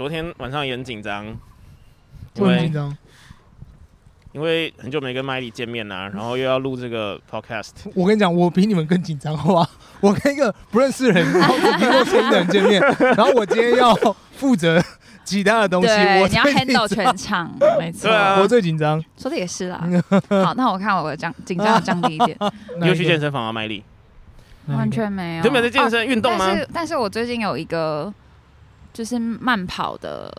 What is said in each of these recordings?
昨天晚上也很緊張，對，因為很久沒跟 Miley 見面了，然後又要錄這個 podcast。我跟你講，我比你們更緊張，好不好？我跟一個不認識的人、然後又聽過的人見面，然後我今天要負責其他的東西，對，你要 handle 全場，沒錯，我最緊張。說的也是啊。好，那我看我降緊張要降低一點。又去健身房了，Miley？完全沒有？有沒有在健身運動嗎？是，但是我最近有一個。就是慢跑的，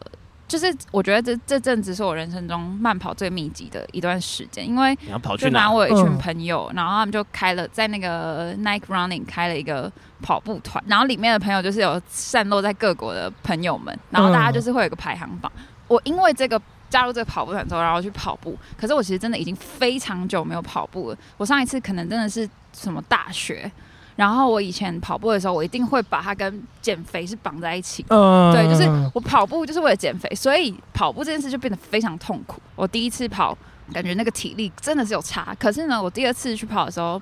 就是我覺得這這陣子是我人生中慢跑最密集的一段時間，因為就拿我有一群朋友，嗯、然後他們就開了在那個 Nike Running 開了一個跑步團，然後裡面的朋友就是有散落在各國的朋友們，然後大家就是會有個排行榜。嗯、我因為這個加入這個跑步團之後，然後去跑步，可是我其實真的已經非常久沒有跑步了。我上一次可能真的是什麼大學。然後我以前跑步的時候，我一定會把它跟減肥是綁在一起的。嗯、呃，對，就是我跑步就是為了減肥，所以跑步這件事就變得非常痛苦。我第一次跑，感覺那個體力真的是有差。可是呢，我第二次去跑的時候，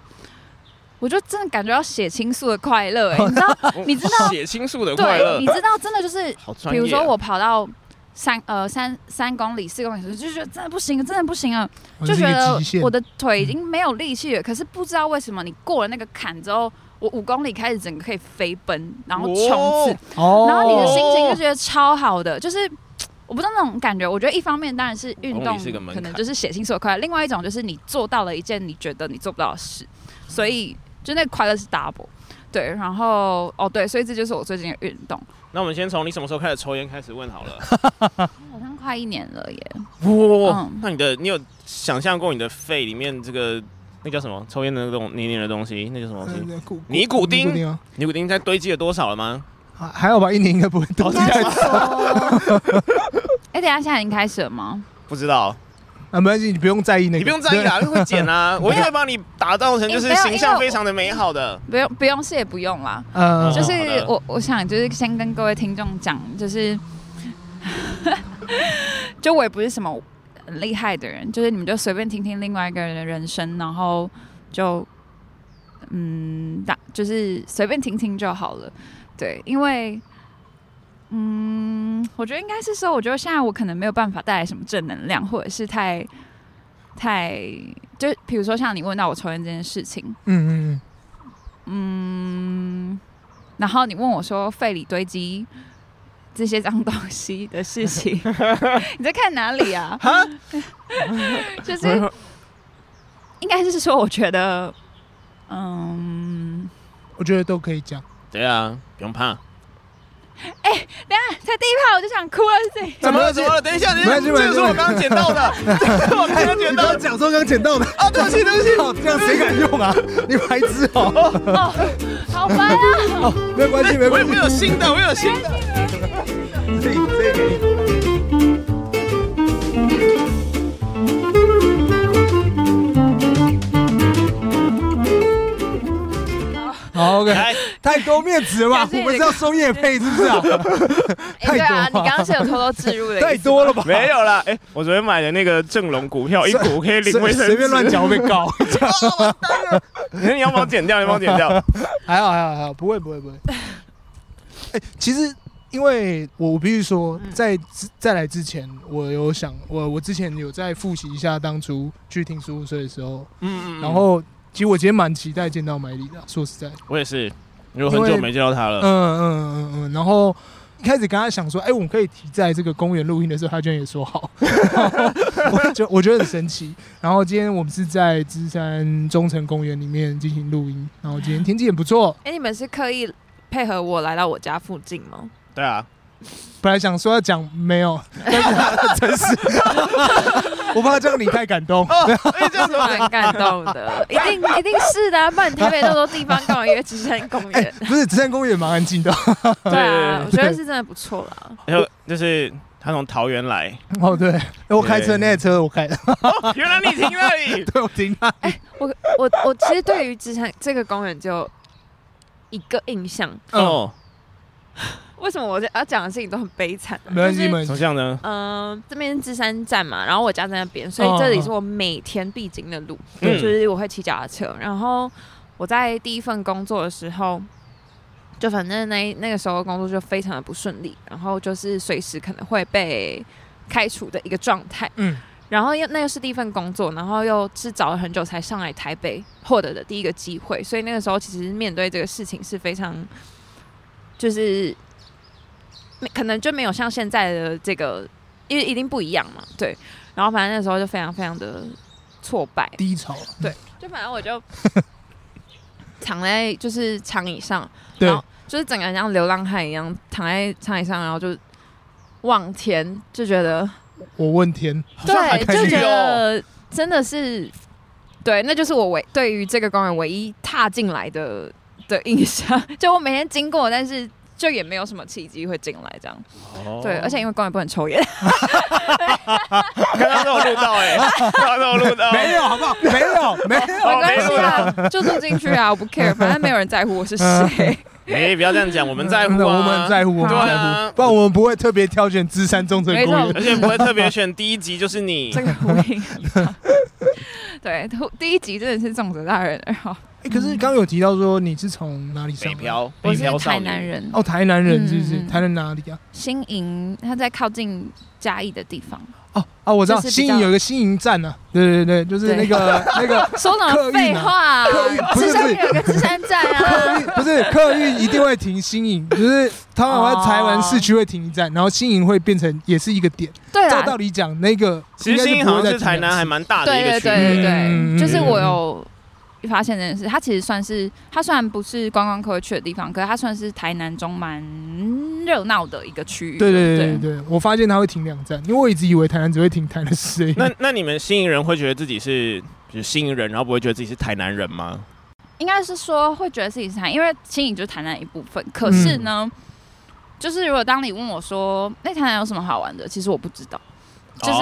我就真的感覺到血清素的快樂、欸，哎， 你知道，你知道、哦、血清素的快樂，你知道，真的就是，比、啊、如說我跑到三呃三三公里四公里的時候，就覺得真的不行，真的不行啊，就覺得我的腿已經沒有力氣了。嗯、可是不知道為什麼，你過了那個坎之後。我五公里開始整個可以飛奔，然後衝刺，哦哦、然後你的心情就覺得超好的，哦、就是我不知道那種感覺。我覺得一方面當然是運動可能就是血清素快樂，另外一種就是你做到了一件你覺得你做不到的事，所以就那快樂是 double。對，然後哦對，所以這就是我最近的運動。那我們先從你什麼時候開始抽菸開始問好了。 我好像快一年了耶。哇，那你的你有想象過你的肺裡面這個？那叫什麼？抽煙的那種黏黏的東西，那叫什麼東西？尼古丁。尼古丁、啊，尼古丁在堆積了多少了嗎？還還好吧，一年應該不會堆積好。哎， 欸、等一下現在已經開始了嗎？不知道，啊，沒關係，你不用在意那個，你不用在意啦，我對會剪啊，我也會幫你打造成就是形象非常的美好的。不用，不用謝，不用啦，呃、嗯，就是、嗯、我，我想就是先跟各位聽眾講，就是， 就我也不是什麼。很厲害的人，就是你們就隨便聽聽另外一個人的人生，然後就嗯，打就是隨便聽聽就好了。對，因為嗯，我覺得應該是說，我覺得現在我可能沒有辦法帶來什麼正能量，或者是太太就比如說像你問到我抽煙這件事情，嗯嗯嗯，嗯，然後你問我說肺裡堆積。這些髒東西的事情， 你在看哪裡啊？哈， 就是，應該是說，我覺得，嗯，我覺得都可以講。對啊，不用怕。哎，等下，才第一炮我就想哭了，怎麼了？怎麼了？等一下，等一下。這是我剛剛撿到的，這是我剛剛撿到的。講說我剛撿到的哦，對不起，對不起，這樣誰敢用啊？你白痴哦！好煩啊！沒有關係，沒有關係，我有新的，我有新的。太多面子了吧，我們是要收業績，是不是？對啊，你剛剛是有偷偷置入的，太多了吧？沒有了。哎，我昨天買的那個正龍股票，一股可以領微，隨便亂嚼我高。告，你要不要剪掉？要不要剪掉？還好，還好，還好，不會，不會，不會。哎，其實，因為我必須說，在在來之前，我有想，我我之前有在復習一下當初去聽十五歲的時候，嗯，嗯，然後其實我今天蠻期待見到麥里的。說實在，我也是。有很久沒見到他了，嗯嗯嗯嗯，嗯，然後一開始跟他想說，哎、欸，我們可以提在這個公園錄音的時候，他居然也說好，我就我覺得很神奇。 然後今天我們是在芝山忠誠公園裡面進行錄音，然後今天天氣也不錯。哎、欸、你們是刻意配合我來到我家附近嗎？對啊。本來想說要講沒有，真是的 我怕這個你太感動。叫什麼很感動的？一定一定是的，啊，不然台北那麼多地方幹嘛約？芝山公園？不是，芝山公園蠻安靜的。對，對，對，對，對啊，我覺得是真的不錯啦。就對就是他從桃園來。哦，對，對我開車那車我開。 哦、原來你停那裡？對，我停那裡。哎、欸，我我我其實對於芝山這個公園就一個印象。哦。為什麼我要講的事情都很悲慘啊？沒關係，頭像呢？嗯，這邊是芝山站嘛，然後我家在那邊，所以這裡是我每天必經的路，哦、就是我會騎腳踏車。嗯、然後我在第一份工作的時候，就反正那那，那個時候工作就非常的不順利，然後就是隨時可能會被開除的一個狀態。嗯，然後又那又是第一份工作，然後又是找了很久才上來台北獲得的第一個機會，所以那個時候其實面對這個事情是非常，就是。可能就沒有像現在的這個，因為一定不一樣嘛，對。然後反正那時候就非常非常的挫敗、低潮，對。對就反正我就 躺在就是長椅上，對然後就是整個人像流浪漢一樣躺在長椅上，然後就望天，就覺得我問天，還對，就覺得真的是，有對，那就是我唯對於這個公園唯一踏進來的的印象，就我每天經過，但是。就也沒有什麼契機會進來這樣，對，而且因為公園不能抽煙。剛剛有錄到哎，剛剛有錄到，沒有好不好？沒有，沒有，沒關係，啊就住進去啊，我不 care，反正沒有人在乎我是誰。哎，不要這樣講，我們在乎，我們在乎，對啊，不然我們不會特別挑選芝山種植公園，而且不會特別選第一集就是你。這個呼應，對，第一集真的是種植大人，好。哎，可是剛剛有提到說你是從哪裡上？北漂，我是台南人。哦，台南人是不是？台南哪裡啊？新營，它在靠近嘉義的地方。哦，啊，我知道新營有一個新營站呢。對對對，就是那個那個。說哪廢話？客運，不是有個芝山站。不是，客運一定會停新營，就是它在台灣市區會停一站，然後新營會變成也是一個點。對啊。照道理講，那個其實新營好像在台南還蠻大的一個區域。對對對對對，就是我有。發現這件事，它其實算是它雖然不是觀光客會去的地方，可是它算是台南中蠻熱鬧的一個區域。對對對對，對，我發現它會停兩站，因為我一直以為台南只會停台南市。那那你們新營人會覺得自己是就是新營人，然後不會覺得自己是台南人嗎？應該是說會覺得自己是台，因為新營就是台南一部分。可是呢，嗯，就是如果當你問我說那台南有什麼好玩的，其實我不知道。就是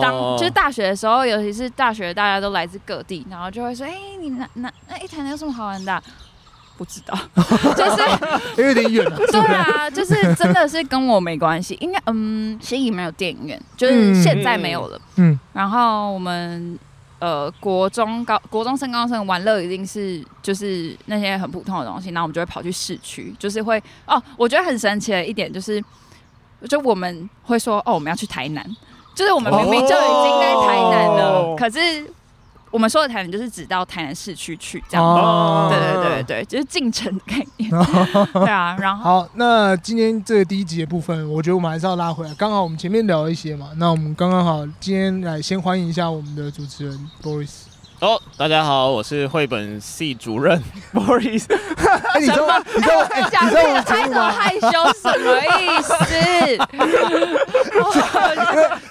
當、oh. 就是大學的時候，尤其是大學，大家都來自各地，然後就會說：“哎、欸，你那那一台南有什麼好玩的、啊？”不知道， 就是、 欸、有點遠了、啊。對啊，就是真的是跟我沒關係。應該嗯，新營沒有電影院，就是現在沒有了。嗯。然後我們呃國中高國中升高生玩樂一定是就是那些很普通的東西，然後我們就會跑去市區，就是會哦。我覺得很神奇的一點就是，就我們會說：“哦，我們要去台南。”就是我們明明就已經在台南了，oh、可是我們說的台南就是指到台南市區去這樣。Oh、對對對對就是進城的概念。Oh、 對啊，然後好，那今天這個第一集的部分，我覺得我們還是要拉回來。剛好我們前面聊一些嘛，那我們剛剛好今天來先歡迎一下我們的主持人 Boris。哦，大家好，我是繪本系主任 Boris。你說，你這我講，你這害羞，什麼意思？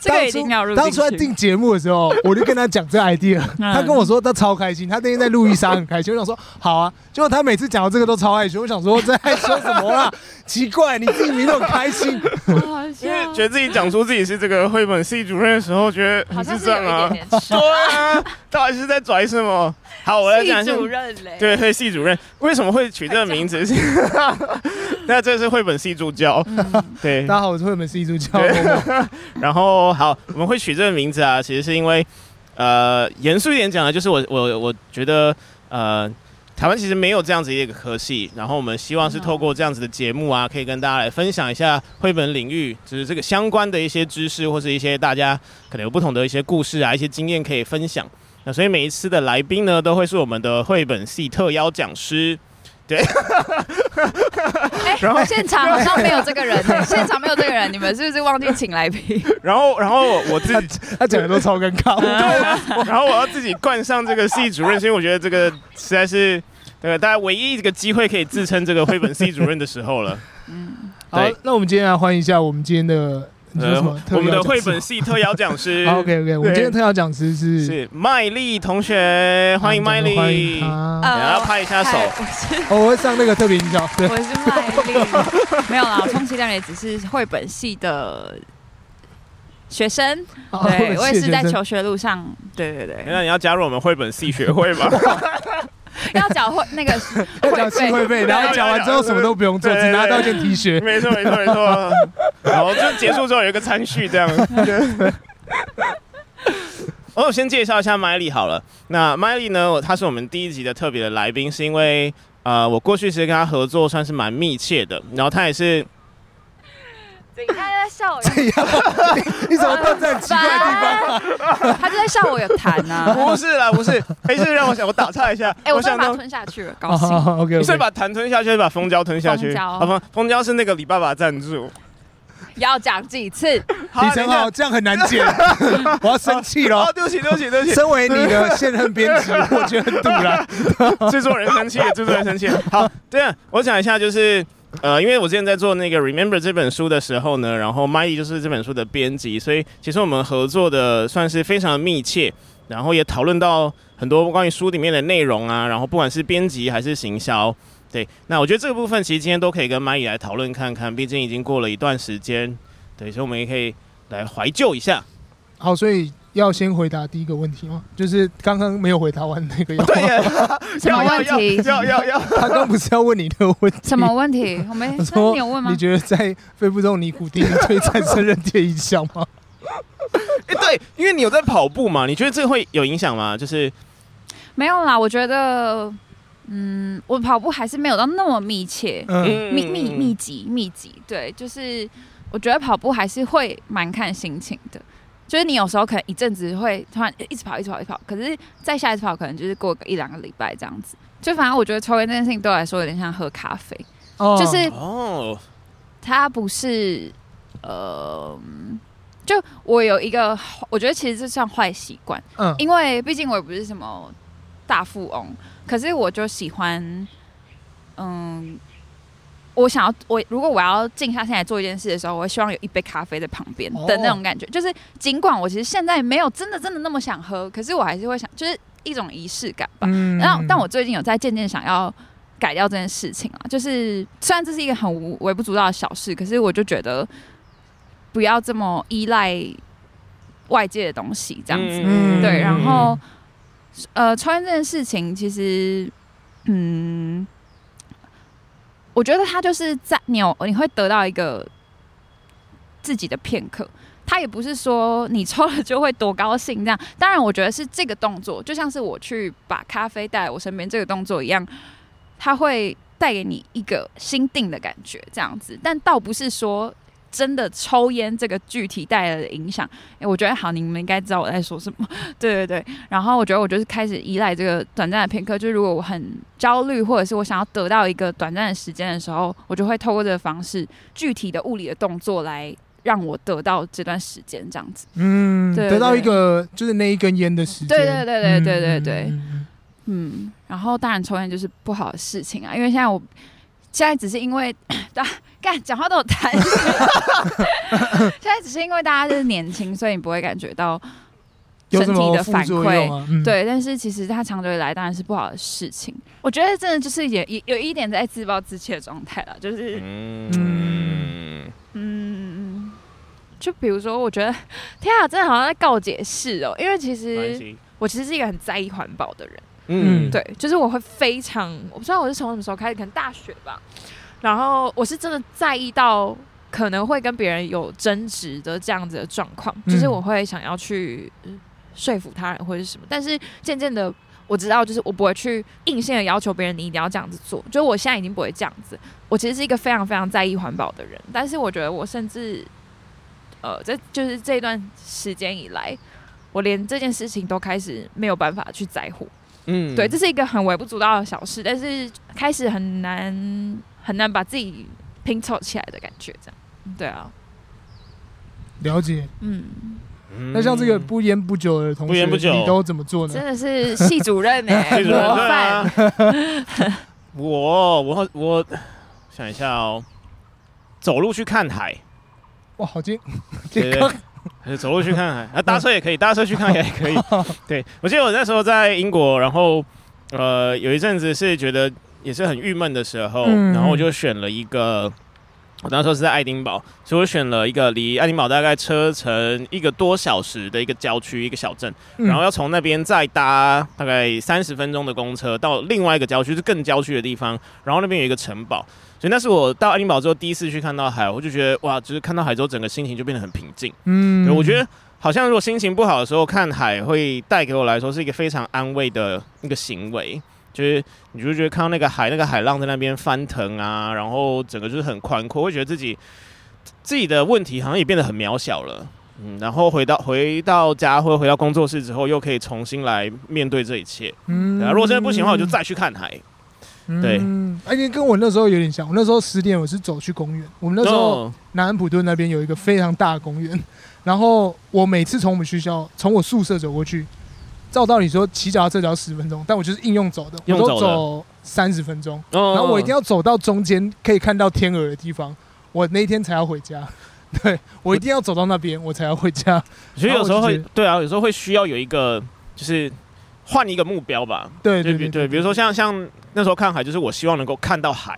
這個一定要入。當初在定節目的時候，我就跟他講這個 idea，他跟我說他超開心，他那天在路易莎很開心。我想說好啊，結果他每次講到這個都超害羞，我想說在害羞什麼啦？奇怪，你自己明明很開心，因為覺得自己講出自己是這個繪本系主任的時候，覺得好像有一點點對啊，他還是在。拽是麼？好，我來講一下。系主任嘞，對，對，系主任為什麼會取這個名字？那 這是繪本系助教。對， 大家好，我是繪本系助教。對 然後好，我們會取這個名字啊，其實是因為，呃，嚴肅一點講呢，就是我我我覺得，呃，台灣其實沒有這樣子一個科系，然後我們希望是透過這樣子的節目啊，可以跟大家來分享一下繪本領域，就是這個相關的一些知識，或是一些大家可能有不同的一些故事啊，一些經驗可以分享。所以每一次的來賓呢，都會是我們的繪本系特邀講師，對。哎，然後現場好像沒有這個人，現場沒有這個人，你們是不是忘記請來賓？然後，然後我自己，他整個都超尷尬。然後我要自己冠上這個系主任，是因為我覺得這個實在是，對，大家唯一一個機會可以自稱這個繪本系主任的時候了。嗯。好，那我們今天來歡迎一下我們今天的。喔呃、我們的繪本系特邀講師 ，OK OK，我們今天的特邀講師是是麥麗同學，歡迎麥麗，啊，呃、等一下要拍一下手，我會上那個特別演講，對我是麥麗， 沒有啦，充其量也只是繪本系的學生，對、啊、我也是在求學路上，對對對，那你要加入我們繪本系學會嗎？ 要繳會那個繳機會費， 然後繳完之後什麼都不用做，對對對對對，只拿到一件 T 恤。沒錯沒錯沒錯。 然後就結束之後有一個餐敘這樣， 哦。我先介紹一下 Miley 好了，那 Miley 呢，她是我們第一集的特別的來賓，是因為呃我過去其實跟她合作算是蠻密切的，然後她也是。等一下，在笑我。你怎麼站在奇怪地方？他就在笑我有痰啊！不是啦，不是。沒事，讓我想，我打岔一下。哎，我想把他吞下去了，高興。OK。你先把痰吞下去，把蜂膠吞下去。蜂膠，蜂膠是那個李爸爸贊助。要講幾次？好，成浩，這樣很難解。我要生氣了。啊，對不起，對不起，對不起。身為你的現任編輯，我覺得很堵了。製作人生氣，製作人生氣。好，這樣我講一下，就是。呃，因為我之前在做那個《Remember》這本書的時候呢，然後 Miley 就是這本書的編輯，所以其實我們合作的算是非常的密切，然後也討論到很多關於書裡面的內容啊，然後不管是編輯還是行銷，對，那我覺得這個部分其實今天都可以跟 Miley 來討論看看，畢竟已經過了一段時間，對，所以我們也可以來懷舊一下。好，所以。要先回答第一個問題嗎？就是剛剛沒有回答完那個要、哦、 什麼問題？要要要，他剛剛不是要問你的問題？什麼問題？我沒，他說你有問嗎？你覺得在飛不中尼古丁對在生韌力有影響嗎？哎 欸，對，因為你有在跑步嘛，你覺得這個會有影響嗎？就是沒有啦，我覺得，嗯，我跑步還是沒有到那麼密切，嗯、密密密集密集，對，就是我覺得跑步還是會蠻看心情的。就是你有時候可能一陣子會突然一直跑一直跑一直跑，可是再下一次跑可能就是過個一兩個禮拜這樣子。就反正我覺得抽菸這件事情對我來說有點像喝咖啡，oh. 就是它不是呃，就我有一個我覺得其實就像壞習慣，uh. 因為畢竟我也不是什麼大富翁，可是我就喜歡嗯。呃我想要，我如果我要靜下心來做一件事的時候，我會希望有一杯咖啡在旁邊的那種感覺。就是儘管我其實現在沒有真的真的那麼想喝，可是我還是會想，就是一種儀式感吧。然後，但我最近有在漸漸想要改掉這件事情啊，就是雖然這是一個很無微不足道的小事，可是我就覺得不要這麼依賴外界的東西，這樣子。對，然後呃，抽煙這件事情，其實嗯。我覺得他就是在你，你會得到一個自己的片刻。他也不是說你抽了就會多高興這樣。當然，我覺得是這個動作，就像是我去把咖啡帶來我身邊這個動作一樣，他會帶給你一個心定的感覺，這樣子。但倒不是說。真的抽菸這個具體帶來的影響，哎、欸，我覺得好，你們應該知道我在說什麼。對對對，然後我覺得我就是開始依賴這個短暫的片刻，就是如果我很焦慮，或者是我想要得到一個短暫的時間的時候，我就會透過這個方式，具體的物理的動作來讓我得到這段時間，這樣子。嗯，對，對，對，得到一個就是那一根菸的時間。對對對對對對對，嗯。然後當然抽菸就是不好的事情啊，因為現在我現在只是因為大。 幹，講話都有彈性。 現在只是因為大家就是年輕，所以你不會感覺到身體的反饋。對，但是其實他長久以來當然是不好的事情。我覺得真的就是也，也有一點在自暴自棄的狀態了。就是嗯嗯，就比如說，我覺得天啊，真的好像在告解室哦、喔，因為其實我其實是一個很在意環保的人。嗯，對，就是我會非常，我不知道我是從什麼時候開始，可能大學吧。然後我是真的在意到可能會跟別人有爭執的這樣子的狀況，嗯、就是我會想要去說服他人或者什麼。但是漸漸的，我知道就是我不會去硬性的要求別人，你一定要這樣子做。就我現在已經不會這樣子。我其實是一個非常非常在意環保的人，但是我覺得我甚至呃，在就是這段時間以來，我連這件事情都開始沒有辦法去在乎。嗯，對，這是一個很微不足道的小事，但是開始很難。很難把自己拼湊起來的感覺，這樣，對啊，了解。嗯，那像這個不菸不酒的同學，不不，你都怎麼做呢？真的是系主任呢。我我我想一下哦，走路去看海。哇，好驚，走路去看海啊？搭車也可以，搭車去看海也可以。 對，我記得我那時候在英國，然後呃，有一陣子是覺得。也是很鬱悶的時候，然後我就選了一個，嗯，我那時候是在愛丁堡，所以我選了一個離愛丁堡大概車程一個多小時的一個郊區，一個小鎮，然後要從那邊再搭大概三十分鐘的公車到另外一個郊區，就是更郊區的地方，然後那邊有一個城堡，所以那是我到愛丁堡之後第一次去看到海，我就覺得哇，就是看到海之後，整個心情就變得很平靜，嗯，我覺得好像如果心情不好的時候看海，會帶給我來說是一個非常安慰的一個行為。就是你就覺得看到那個海，那個海浪在那邊翻騰啊，然後整個就是很寬闊，會覺得自己自己的問題好像也變得很渺小了，嗯，然後回到回到家，或者回到工作室之後，又可以重新來面對這一切。嗯、啊，如果真的不行的話，我就再去看海。嗯、對，而且、哎、跟我那時候有點像，我那時候十點我是走去公園，我們那時候南安普頓那邊有一個非常大的公園，哦、然後我每次從我們學校從我宿舍走過去。照道理說，騎腳踏車只要十分鐘，但我就是硬用走的，用走的我都走三十分鐘，嗯、然後我一定要走到中間可以看到天鵝的地方，我那一天才要回家。對，我一定要走到那邊，我，我才要回家。所以有時候會，對啊，有時候會需要有一個，就是換一個目標吧。對對，對對對，比如說像像那時候看海，就是我希望能夠看到海，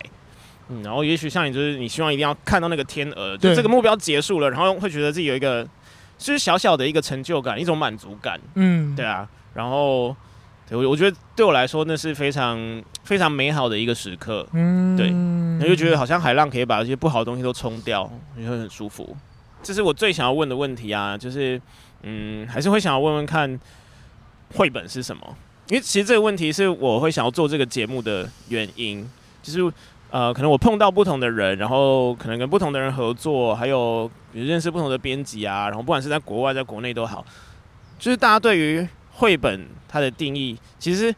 嗯，然後也許像你，就是你希望一定要看到那個天鵝，就這個目標結束了，然後會覺得自己有一個，就是小小的一個成就感，一種滿足感。嗯，對啊。然後，對我我覺得對我來說那是非常非常美好的一個時刻，嗯，對，我就覺得好像海浪可以把這些不好的東西都沖掉，你會很舒服。這是我最想要問的問題啊，就是嗯，還是會想要問問看，繪本是什麼？因為其實這個問題是我會想要做這個節目的原因。就是呃，可能我碰到不同的人，然後可能跟不同的人合作，還有比如認識不同的編輯啊，然後不管是在國外，在國內都好，就是大家對於，繪本它的定義，其實，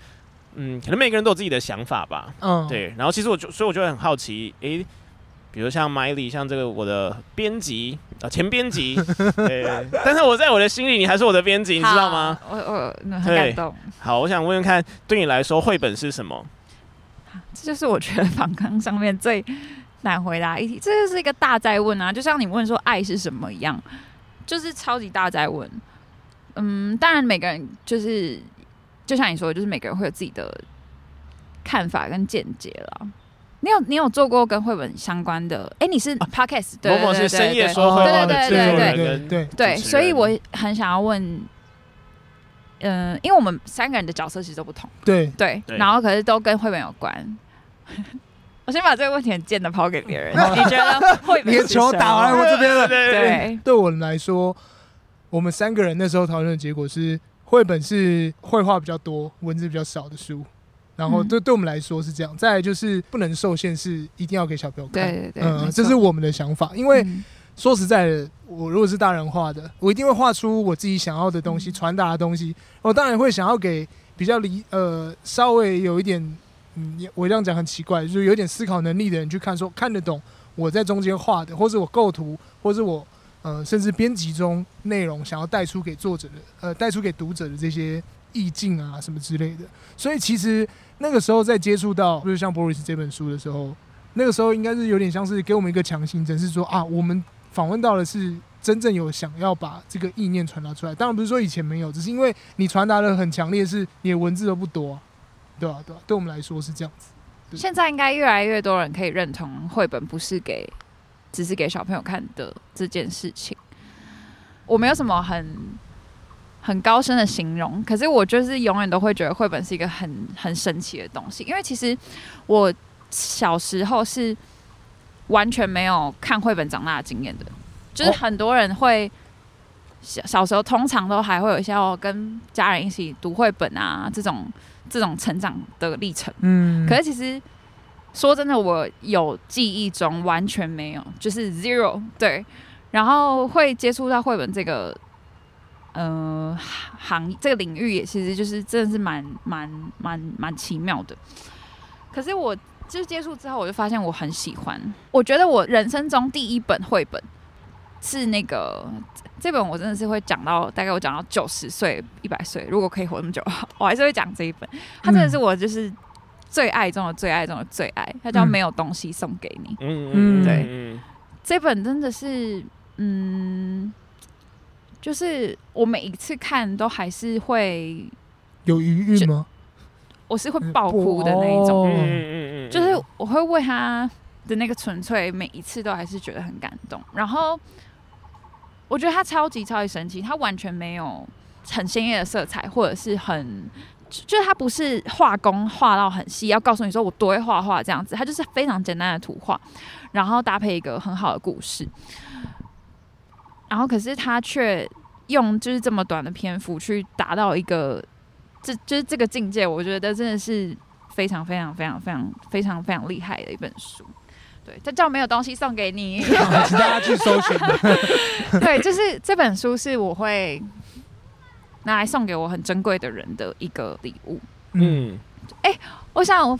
嗯，可能每個人都有自己的想法吧。嗯，oh. 對。然後，其實我就，所以我就很好奇，哎、欸，比如像 Miley，像這個我的編輯啊，前編輯， 對。但是我在我的心裡，你還是我的編輯， 你知道嗎？我我，我很感動。好，我想問問看，對你來說，繪本是什麼？這就是我覺得訪談上面最難回答一題， 這就是一個大哉問啊，就像你問說愛是什麼一樣，就是超級大哉問。嗯，當然每個人就是，就像你說的，就是每個人會有自己的看法跟見解了。你有你有做過跟繪本相關的？哎，你是 podcast，如果是深夜說繪本的主持人，對，所以我很想要問，嗯，因為我們三個人的角色其實都不同，對對，然後可是都跟繪本有關。我先把這個問題很賤的拋給別人，你覺得會？你的球打來我這邊了，對，對我們來說。我們三個人那時候討論的結果是，繪本是繪畫比較多，文字比較少的書。然後，這對我們來說是這樣。再來就是不能受限，是一定要給小朋友看。嗯，呃、沒錯。這是我們的想法。因為說實在的，我如果是大人畫的，嗯、我一定會畫出我自己想要的東西，傳達的東西。我當然會想要給比較理呃稍微有一點嗯，我這樣講很奇怪，就是有一點思考能力的人去看說，說看得懂我在中間畫的，或是我構圖，或是我。呃，甚至編輯中內容想要帶出給作者的，呃，帶出給讀者的這些意境啊，什麼之類的。所以其實那個時候在接觸到，就是像《波利斯》這本書的時候，那個時候應該是有點像是給我們一個強心針，是說啊，我們訪問到的是真正有想要把這個意念傳達出來。當然不是說以前沒有，只是因為你傳達得很強烈，是你的文字都不多，對吧、啊？對、啊，對我們來說是這樣子。現在應該越來越多人可以認同繪本不是給。只是給小朋友看的這件事情，我沒有什麼很很高深的形容。可是我就是永遠都會覺得繪本是一個很很神奇的東西，因為其實我小時候是完全沒有看繪本長大的經驗的。哦、就是很多人會小小時候通常都還會有一些要跟家人一起讀繪本啊，這種這種成長的歷程。嗯，可是其實。說真的，我有記憶中完全沒有，就是 zero 對，然後會接觸到繪本這個，呃，行這個領域也其實就是真的是蠻蠻蠻蠻奇妙的。可是我就是接觸之後，我就發現我很喜歡。我覺得我人生中第一本繪本是那個，這本，我真的是會講到大概我講到九十歲、一百歲，如果可以活那麼久，我還是會講這一本。它真的是我就是。嗯最愛中的最愛中的最愛，他叫沒有東西送給你。嗯，嗯對，嗯這本真的是，嗯，就是我每一次看都還是會有餘韻嗎？我是會爆哭的那一種，嗯嗯嗯，就是我會為他的那個純粹，每一次都還是覺得很感動。然後我覺得他超級超級神奇，他完全沒有很鮮豔的色彩，或者是很。就是他不是畫工畫到很細，要告訴你說我多會畫畫這樣子，他就是非常簡單的圖畫，然後搭配一個很好的故事，然後可是他卻用就是這麼短的篇幅去達到一個這就是這個境界，我覺得真的是非常非常非常非常非常非常厲害的一本書。對，他叫沒有東西送給你，大家去搜尋。對，就是這本書是我會。拿來送給我很珍貴的人的一個禮物。嗯，哎、欸，我想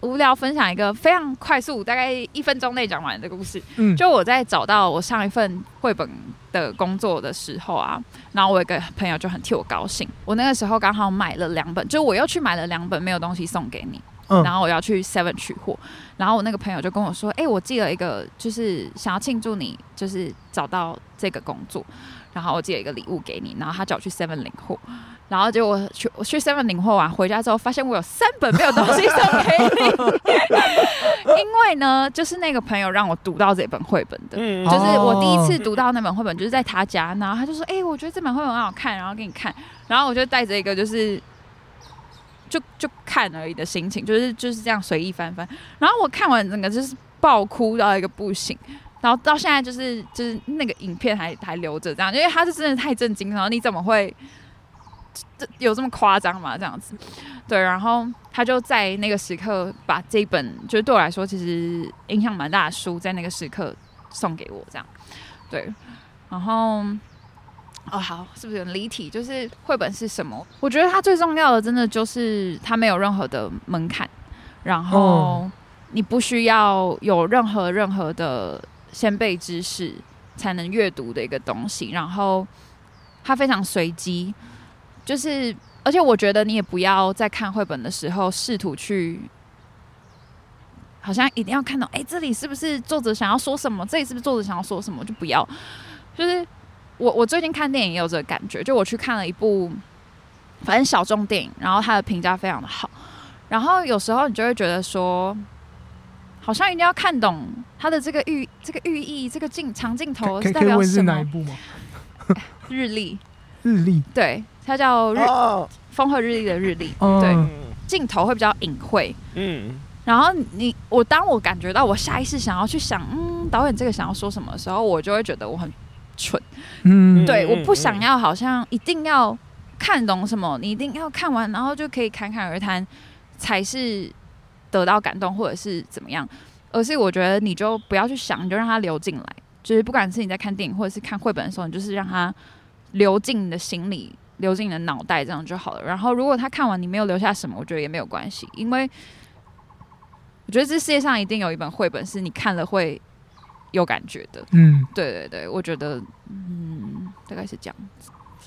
無聊分享一個非常快速，大概一分鐘內講完的故事。嗯，就我在找到我上一份繪本的工作的時候啊，然後我一個朋友就很替我高興。我那個時候剛好買了兩本，就我又去買了兩本，沒有東西送給你。嗯、然後我要去 Seven 取貨，然後我那個朋友就跟我說：“哎、欸，我寄了一個，就是想要慶祝你，就是找到這個工作，然後我寄了一個禮物給你。”然後他叫我去 Seven 領貨，然後結果我去我去 Seven 領貨完回家之後，發現我有三本沒有東西送給你， 因為呢，就是那個朋友讓我讀到這本繪本的，嗯、就是我第一次讀到那本繪本，就是在他家，然後他就說：“哎、欸，我覺得這本繪本很好看，然後給你看。”然後我就帶着一個就是。就就看而已的心情，就是就是這樣隨意翻翻。然後我看完整個就是爆哭到一個不行，然後到現在就是就是那個影片還還留着這樣，因為他是真的太震驚。然後你怎麼會這有這麼誇張嘛？這樣子，對。然後他就在那個時刻把這本，就是對我來說其實影響蠻大的書，在那個時刻送給我這樣，對。然後。哦，oh, 好，是不是很離體？就是繪本是什麼？我覺得它最重要的，真的就是它沒有任何的門檻，然後你不需要有任何任何的先備知識才能閱讀的一個東西。然後它非常隨機，就是而且我覺得你也不要，在看繪本的時候試圖去，好像一定要看到，哎、欸，這裡是不是作者想要說什麼？這裡是不是作者想要說什麼？就不要，就是。我我最近看電影也有這個感覺，就我去看了一部，反正小眾電影，然後它的評價非常的好。然後有時候你就會覺得說，好像一定要看懂它的這個寓這個寓意，這個鏡長鏡頭是代表什麼？是哪一部嗎？日麗， 日麗，對，它叫日 oh.《風和日麗》的日麗。對，鏡、oh. 頭會比較隱晦。嗯。Oh. 然後你我當我感覺到我下意識想要去想，嗯，導演這個想要說什麼的時候，我就會覺得我很。蠢，嗯，對，我不想要。好像一定要看懂什麼，嗯嗯、你一定要看完，然後就可以侃侃而談，才是得到感動或者是怎麼樣。而是我覺得你就不要去想，你就讓它流進來。就是不管是你在看電影或者是看繪本的時候，你就是讓它流進你的心裡，流進你的腦袋，這樣就好了。然後如果他看完你沒有留下什麼，我覺得也沒有關係，因為我覺得這世界上一定有一本繪本是你看了會。有感覺的，嗯，對對對，我覺得，嗯，大概是這樣。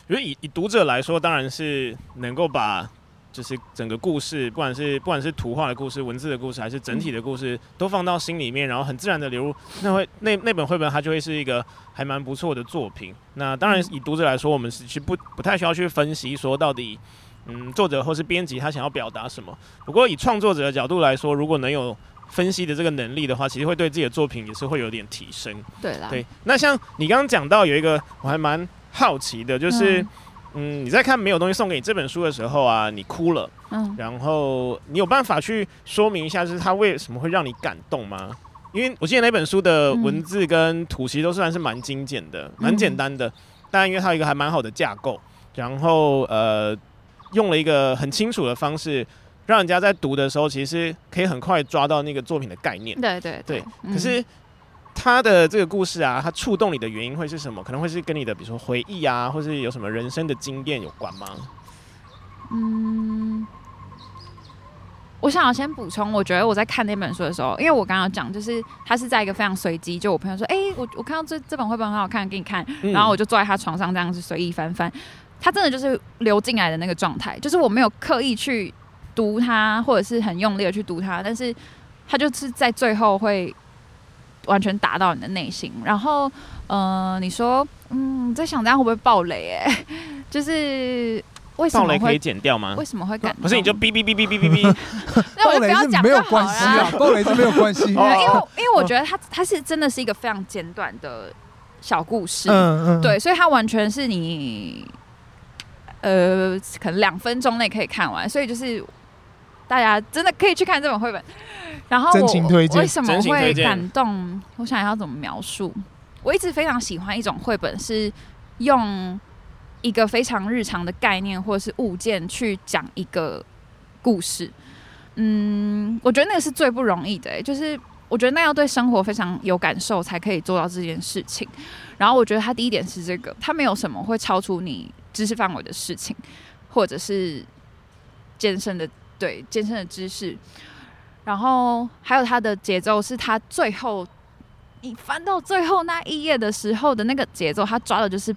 因為以以讀者來說，當然是能夠把就是整個故事，不管是不管是圖畫的故事、文字的故事，還是整體的故事，嗯、都放到心裡面，然後很自然的流入，那會那那本繪本它就會是一個還蠻不錯的作品。那當然以讀者來說，我們是去不不太需要去分析說到底，嗯，作者或是編輯他想要表達什麼。不過以創作者的角度來說，如果能有。分析的這個能力的話，其實會對自己的作品也是會有點提升。對啦對，那像你剛剛講到有一個，我還蠻好奇的，就是，嗯，嗯，你在看沒有東西送給你這本書的時候啊，你哭了。嗯、然後你有辦法去說明一下，就是他為什麼會讓你感動嗎？因為我記得那本書的文字跟圖其實都算是蠻精簡的，蠻、嗯、簡單的，但因為它有一個還蠻好的架構，然後呃，用了一個很清楚的方式。讓人家在讀的時候，其實可以很快抓到那個作品的概念。對對對，對。可是他的這個故事啊，他觸、嗯、動你的原因會是什麼？可能會是跟你的，比如說回憶啊，或是有什麼人生的經驗有關嗎？嗯，我想要先補充，我覺得我在看那本書的時候，因為我剛剛講，就是他是在一個非常隨機，就我朋友說：“哎、欸，我我看到這這本繪本很好看，給你看。嗯”然後我就坐在他床上這樣子隨意翻翻，他真的就是流進來的那個狀態，就是我沒有刻意去。讀它，或者是很用力的去讀它，但是它就是在最後會完全打到你的內心。然後，嗯、呃，你說，嗯，在想這樣會不會爆雷、欸？哎，就是為什麼爆雷可以剪掉嗎？為什麼會感動？不是你就嗶嗶嗶嗶嗶嗶嗶，那我就不要講，爆雷是沒有關係，爆雷是沒有關係。因為，因為我覺得它它是真的是一個非常簡短的小故事，嗯嗯，嗯對，所以它完全是你，呃，可能兩分鐘內可以看完，所以就是。大家真的可以去看這本繪本，然後我為什麼會感動？我想要怎麼描述？我一直非常喜歡一種繪本，是用一個非常日常的概念或者是物件去講一個故事。嗯，我覺得那個是最不容易的、欸，就是我覺得那要對生活非常有感受才可以做到這件事情。然後我覺得它第一點是這個，它沒有什麼會超出你知識範圍的事情，或者是艱深的。對，健身的知識，然後還有它的節奏，是他最後你翻到最後那一頁的時候的那個節奏，他抓的就是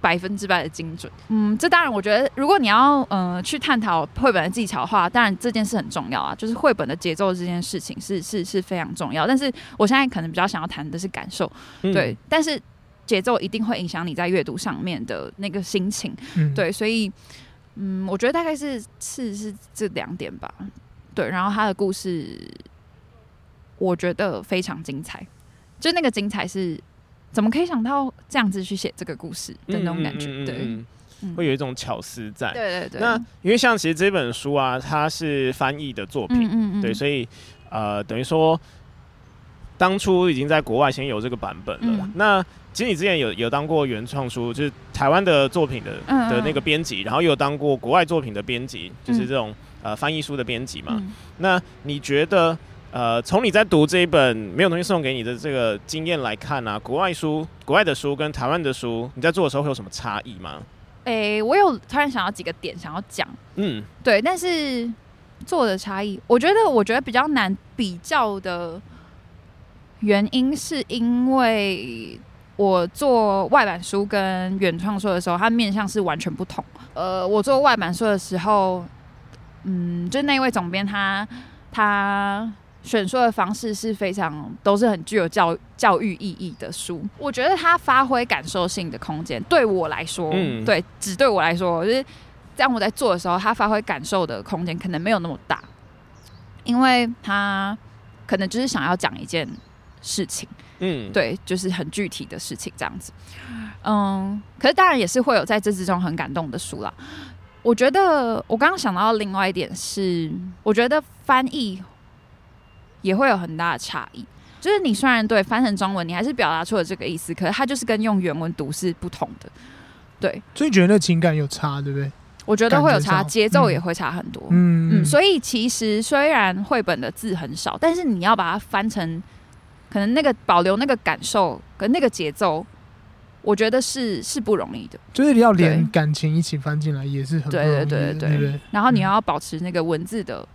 百分之百的精準。嗯，這當然，我覺得如果你要嗯、呃、去探討繪本的技巧的話，當然這件事很重要啊，就是繪本的節奏這件事情是是是非常重要。但是我現在可能比較想要談的是感受，嗯、對，但是節奏一定會影響你在閱讀上面的那個心情，嗯、對，所以。嗯，我覺得大概是是是這兩點吧，對，然後他的故事，我覺得非常精彩，就那個精彩是怎麼可以想到這樣子去寫這個故事的那、嗯、種感覺，嗯嗯嗯、對，會有一種巧思在，嗯、對對對。那因為像其實這本書啊，它是翻譯的作品，嗯嗯嗯、對，所以呃，等於說。當初已經在國外先有這個版本了。嗯、那其實你之前有有當過原創書，就是台灣的作品的的那個編輯，嗯嗯嗯、然後又有當過國外作品的編輯，就是這種、嗯、呃翻譯書的編輯嘛。嗯、那你覺得呃從你在讀這一本沒有東西送給你的這個經驗來看呢、啊，國外書、國外的書跟台灣的書，你在做的時候會有什麼差異嗎？誒、欸，我有突然想到幾個點想要講。嗯，對，但是做的差異，我覺得我覺得比較難比較的。原因是因為我做外版書跟原創書的時候，它面向是完全不同。呃，我做外版書的時候，嗯，就那位總編他他選書的方式是非常都是很具有教教育意義的書。我覺得他發揮感受性的空間對我來說，嗯，對，只對我來說，就是這樣。我在做的時候，他發揮感受的空間可能沒有那麼大，因為他可能就是想要講一件。事情，嗯，對，就是很具體的事情，這樣子，嗯，可是當然也是會有在這之中很感動的書啦。我覺得我剛剛想到另外一點是，我覺得翻譯也會有很大的差異。就是你雖然對翻成中文，你還是表達出了這個意思，可是它就是跟用原文讀是不同的。對，所以你覺得情感有差，對不對？我覺得會有差，節奏也會差很多。嗯嗯，所以其實雖然繪本的字很少，但是你要把它翻成。可能那個保留那個感受跟那個節奏，我覺得是是不容易的。就是你要連感情一起翻進來，也是很對對對對對。對對對，然後你要保持那個文字的、嗯、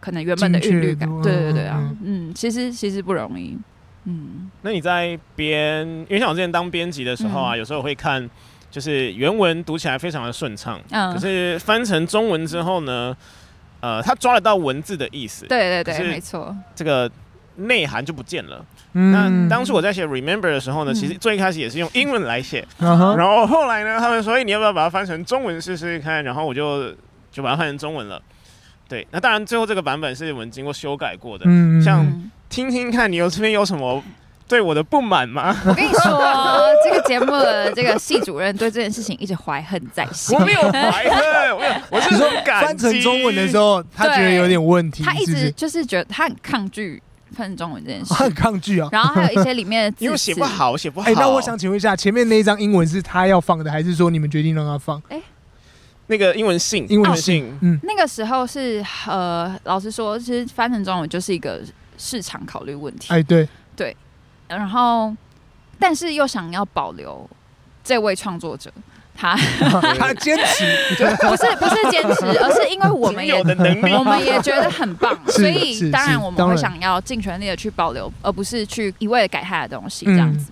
可能原本的韻律感，對對對啊，嗯，嗯，其實其實不容易，嗯。那你在編，因為像我之前當編輯的時候啊，嗯、有時候我會看，就是原文讀起來非常的順暢，嗯、可是翻成中文之後呢，呃，他抓得到文字的意思，對對對，沒錯，這個。內涵就不見了。嗯、那當初我在寫 remember 的時候呢，其實最開始也是用英文來寫，嗯、然後後來呢，他們說，哎，你要不要把它翻成中文試試看？然後我就就把它翻成中文了。對，那當然最後這個版本是我們經過修改過的。嗯，像聽聽看，你有這邊有什麼對我的不滿嗎？我跟你說， 這個節目的這個系主任對這件事情一直懷恨在心。我沒有懷恨，我有，我是說翻成中文的時候，他覺得有點問題。他一直就是覺得他很抗拒。翻成中文這件事，哦，很抗拒啊，然後還有一些裡面的字，因為寫不好，寫不好。哎、欸，那我想請問一下，前面那一張英文是他要放的，還是說你們決定讓他放？哎、欸，那個英文信，英文信，哦、嗯，那個時候是呃，老實說，其實翻成中文就是一個市場考慮問題。哎、欸，對，對，然後但是又想要保留這位創作者。他他堅持，不是不是堅持，而是因為我們也我們也覺得很棒啊，所以當然我們會想要盡全力的去保留，而不是去一味的改他的東西，這樣子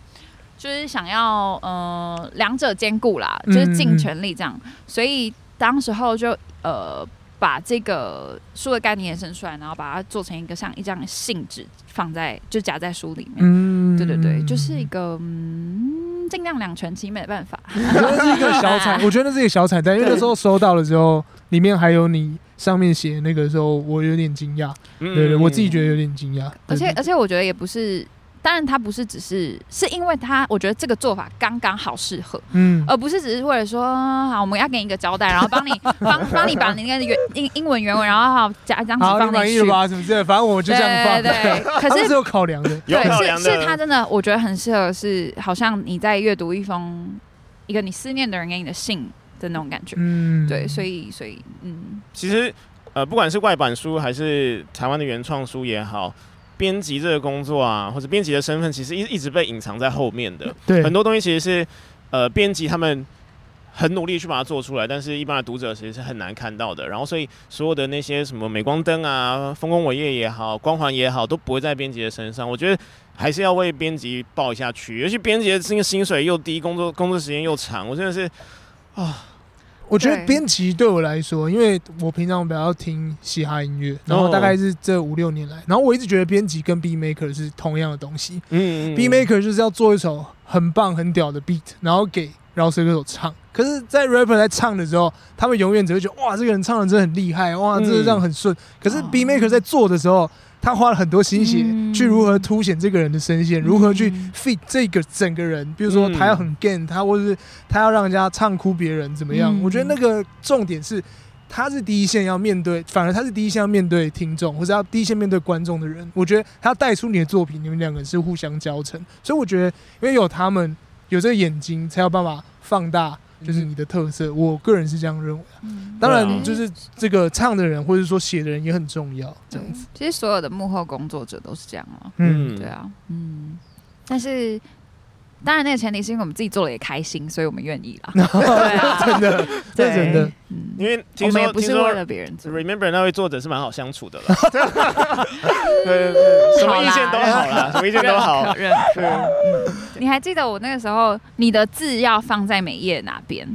就是想要呃兩者兼顧啦，就是盡全力這樣。所以當時候就呃。把這個書的概念延伸出來，然後把它做成一個像一張信紙，放在就夾在書裡面。嗯，對對對，就是一個嗯，盡量兩全其美的辦法。真 是一個小彩，我覺得那是一個小彩蛋，對因為那時候收到了之後，裡面還有你上面寫那個時候，我有點驚訝。嗯、對，對對，我自己覺得有點驚訝。而且而且，我覺得也不是。當然，他不是只是，是因為他，我覺得這個做法剛剛好適合，嗯，而不是只是為了說，好，我們要給你一個交代，然後幫你幫幫你把那個原英英文原文，然後好加這樣子放進去，好，你滿意了吧？是不是？反正我就這樣放。對對，可是，是有考量的，對是是，是他真的，我覺得很適合是，是好像你在閱讀一封一個你思念的人給你的信的那種感覺，嗯，對，所以所以，嗯，其實呃，不管是外版書還是台灣的原創書也好。編輯這個工作啊，或者編輯的身份，其實一一直被隱藏在後面的。對，很多東西其實是，呃，編輯他們很努力去把它做出來，但是一般的讀者其實是很難看到的。然後，所以所有的那些什麼鎂光燈啊、豐功偉業也好、光環也好，都不會在編輯的身上。我覺得還是要為編輯抱一下屈，尤其編輯的薪薪水又低，工作工作時間又長，我真的是啊。我覺得編輯對我來說，對因為我平常比較聽嘻哈音樂，然後大概是這五六年來，然後我一直覺得編輯跟 beat maker 是同樣的東西。嗯，嗯，beat maker 就是要做一首很棒、很屌的 beat，然後給饒舌歌手唱。可是，在 rapper 在唱的時候，他們永遠只會覺得哇，這個人唱的真的很厲害，哇！這這樣很順。可是 beat maker 在做的時候。他花了很多心血去如何凸顯這個人的聲線，嗯、如何去 fit 這個整個人，比如說他要很 gain 他，或者是他要讓人家唱哭別人怎麼樣？嗯、我覺得那個重點是，他是第一線要面對，反而他是第一線要面對聽眾，或者要第一線面對觀眾的人。我覺得他要帶出你的作品，你們兩個人是互相交成。所以我覺得，因為有他們有這個眼睛，才有辦法放大。就是你的特色，我個人是這樣認為。嗯、當然，就是這個唱的人或者說寫的人也很重要。這樣子，嗯，其實所有的幕後工作者都是這樣嘛。嗯，對啊，嗯，但是。當然，那個前提是因為我們自己做了也開心，所以我們願意啦。對啊，真的，真的，嗯，因為聽說不是為了別人做。Remember 那位作者是蠻好相處的啦，對對對，什麼意見都好啦，什麼意見都好，認可。你還記得我那個時候，你的字要放在每頁哪邊？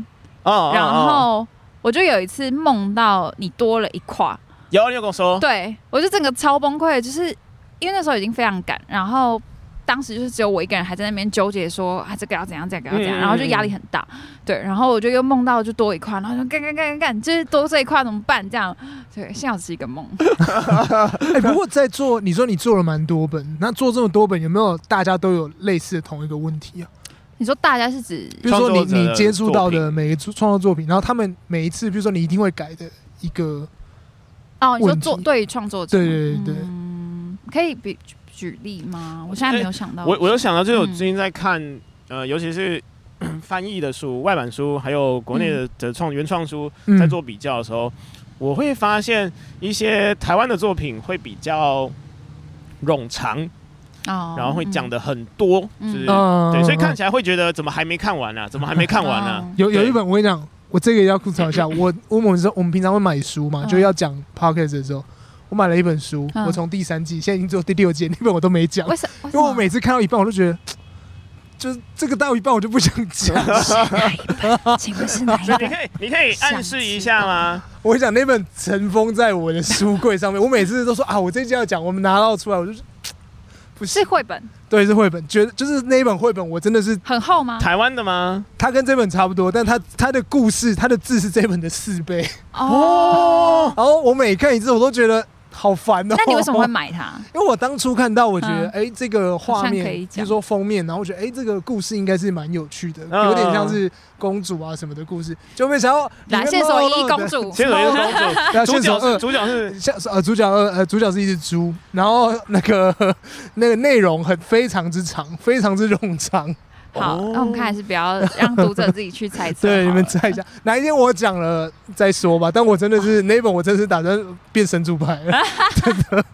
然後我就有一次夢到你多了一塊。有你有跟我說。對，我就整個超崩潰，就是因為那時候已經非常趕，然後。當時就是只有我一個人還在那邊糾結說，說啊這個要怎樣，這個要怎樣，然後就壓力很大。對，然後我就又夢到就多一塊，然後說幹干干干干，就是多這一塊怎麼辦？這樣，對，幸好是一個夢。哎、 欸，不過在做，你說你做了蠻多本，那做這麼多本，有沒有大家都有類似的同一個問題啊？你說大家是指，比如說你你接觸到的每一創作作品，然後他們每一次，比如說你一定會改的一個哦，你說做對創作者，對對對，對、嗯，可以比。舉例嗎？我現在沒有想到。我我有想到，就是我最近在看，呃，尤其是翻譯的書、外版書，還有國內的的創原創書，在做比較的時候，我會發現一些台灣的作品會比較冗長，然後會講的很多，就是對，所以看起來會覺得怎麼還沒看完呢？怎麼還沒看完呢？有有一本我跟你講，我這個也要吐槽一下。我我們說我們平常會買書嘛，就要講 Podcast 的時候。我買了一本書，嗯，我從第三季現在已經做第六季，那本我都沒講，為什麼？因為我每次看到一半，我都覺得，就是這個到一半我就不想講了。 請問是哪一本？你可 以你可以暗示一下嗎？想我想那本塵封在我的書櫃上面， 我每次都說啊，我這季要講，我們拿到出來我就不是繪本。對，是繪本。覺得就是那一本繪本，我真的是很厚嗎？台灣的嗎？它跟這本差不多，但它它的故事，它的字是這本的四倍。哦。 然後我每看一次，我都覺得。好煩哦！那你為什麼會買它？因為我當初看到，我覺得，哎，這個畫面，就是說封面，然後我覺得，哎，這個故事應該是蠻有趣的，有點像是公主啊什麼的故事，就沒想要哪些什麼公主？主角二，主角是像呃，主角二呃，主角是一只豬，然後那個那個內容很非常之長，非常之冗長。好，那我們看，還是不要讓讀者自己去猜測。 對，你們猜一下，哪一天我講了再說吧。但我真的是、啊、那一本，我真是打算變神主牌了，啊、真的。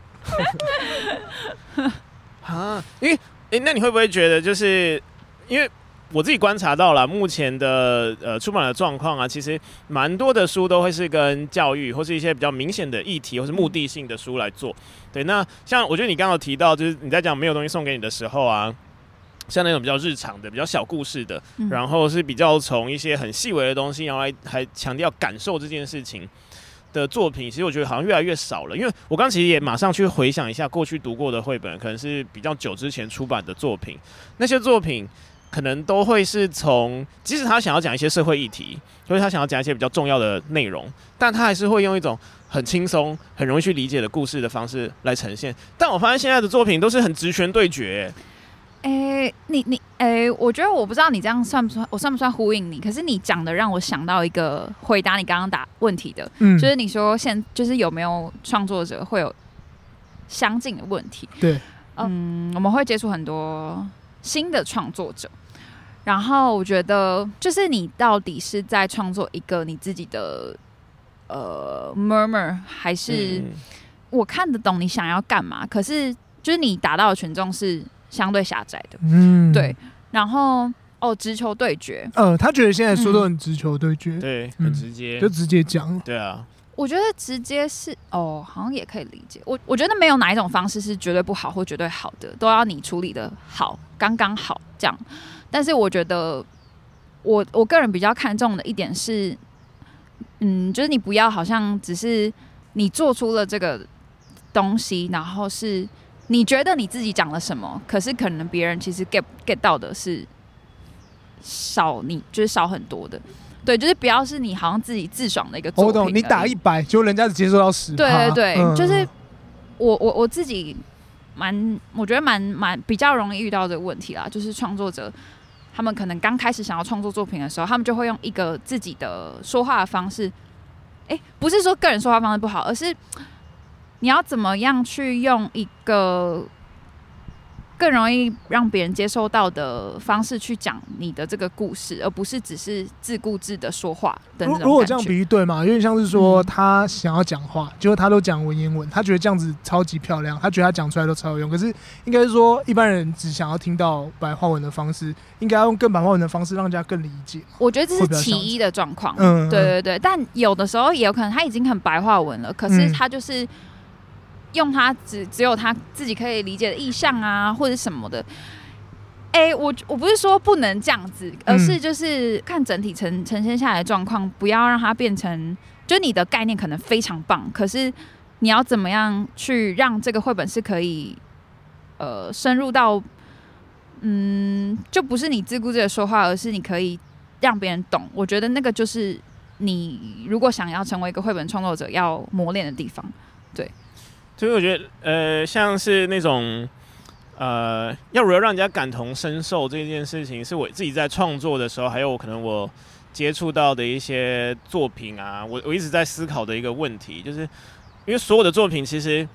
啊、 欸，因、欸、為，那你會不會覺得，就是因為我自己觀察到了目前的呃出版的狀況啊，其實蠻多的書都會是跟教育或是一些比較明顯的議題或是目的性的書來做。對，那像我覺得你剛剛提到，就是你在講沒有東西送給你的時候啊。像那種比較日常的、比較小故事的，然後是比較從一些很細微的東西，然後來還還強調感受這件事情的作品，其實我覺得好像越來越少了。因為我剛其實也馬上去回想一下過去讀過的繪本，可能是比較久之前出版的作品，那些作品可能都會是從即使他想要講一些社會議題，所以他想要講一些比較重要的內容，但他還是會用一種很輕鬆、很容易去理解的故事的方式來呈現。但我發現現在的作品都是很直拳對決、欸。誒、欸，你你誒、欸，我覺得我不知道你這樣算不算，我算不算呼應你？可是你講的讓我想到一個回答你剛剛答問題的，嗯，就是你說現就是有沒有創作者會有相近的問題？對，嗯，嗯我們會接觸很多新的創作者，然後我覺得就是你到底是在創作一個你自己的呃 murmur，還是我看得懂你想要幹嘛？嗯、可是就是你達到的群眾是。相對狹窄的，嗯，對，然後哦，直球對決，呃，他覺得現在說的很直球對決，嗯、對，很直接，嗯、就直接講，對啊，我覺得直接是哦，好像也可以理解，我我覺得沒有哪一種方式是絕對不好或絕對好的，都要你處理得好，剛剛好這樣，但是我覺得我我個人比較看重的一點是，嗯，就是你不要好像只是你做出了這個東西，然後是。你覺得你自己講了什麼？可是可能別人其實 get get 到的是少你，你就是少很多的。對，就是不要是你好像自己自爽的一個作品，你打一百，結果人家只接受到十。對對對，嗯、就是我我我自己蠻，我覺得蠻蠻比較容易遇到的問題啦，就是創作者他們可能剛開始想要創作作品的時候，他們就會用一個自己的說話的方式。哎、欸，不是說個人說話方式不好，而是。你要怎麼樣去用一個更容易讓別人接受到的方式去講你的這個故事，而不是只是自顧自的說話的那種。等。如果這樣比喻對嗎？有點像是說他想要講話，就、嗯、結果他都講文言文，他覺得這樣子超級漂亮，他覺得他講出來都超有用。可是應該是說一般人只想要聽到白話文的方式，應該要用更白話文的方式讓人家更理解。我覺得這是其一的狀況。嗯、嗯，對對對。但有的時候也有可能他已經很白話文了，可是他就是。用他只只有他自己可以理解的意象啊，或者什麼的。誒、欸，我我不是說不能這樣子，而是就是看整體呈呈現下來的狀況，不要讓它變成就你的概念可能非常棒，可是你要怎麼樣去讓這個繪本是可以呃深入到嗯，就不是你自顧自的說話，而是你可以讓別人懂。我覺得那個就是你如果想要成為一個繪本創作者要磨練的地方，對。所以我覺得，呃，像是那種，呃，要如何讓人家感同身受這件事情，是我自己在創作的時候，還有我可能我接觸到的一些作品啊，我我一直在思考的一個問題，就是因為所有的作品其實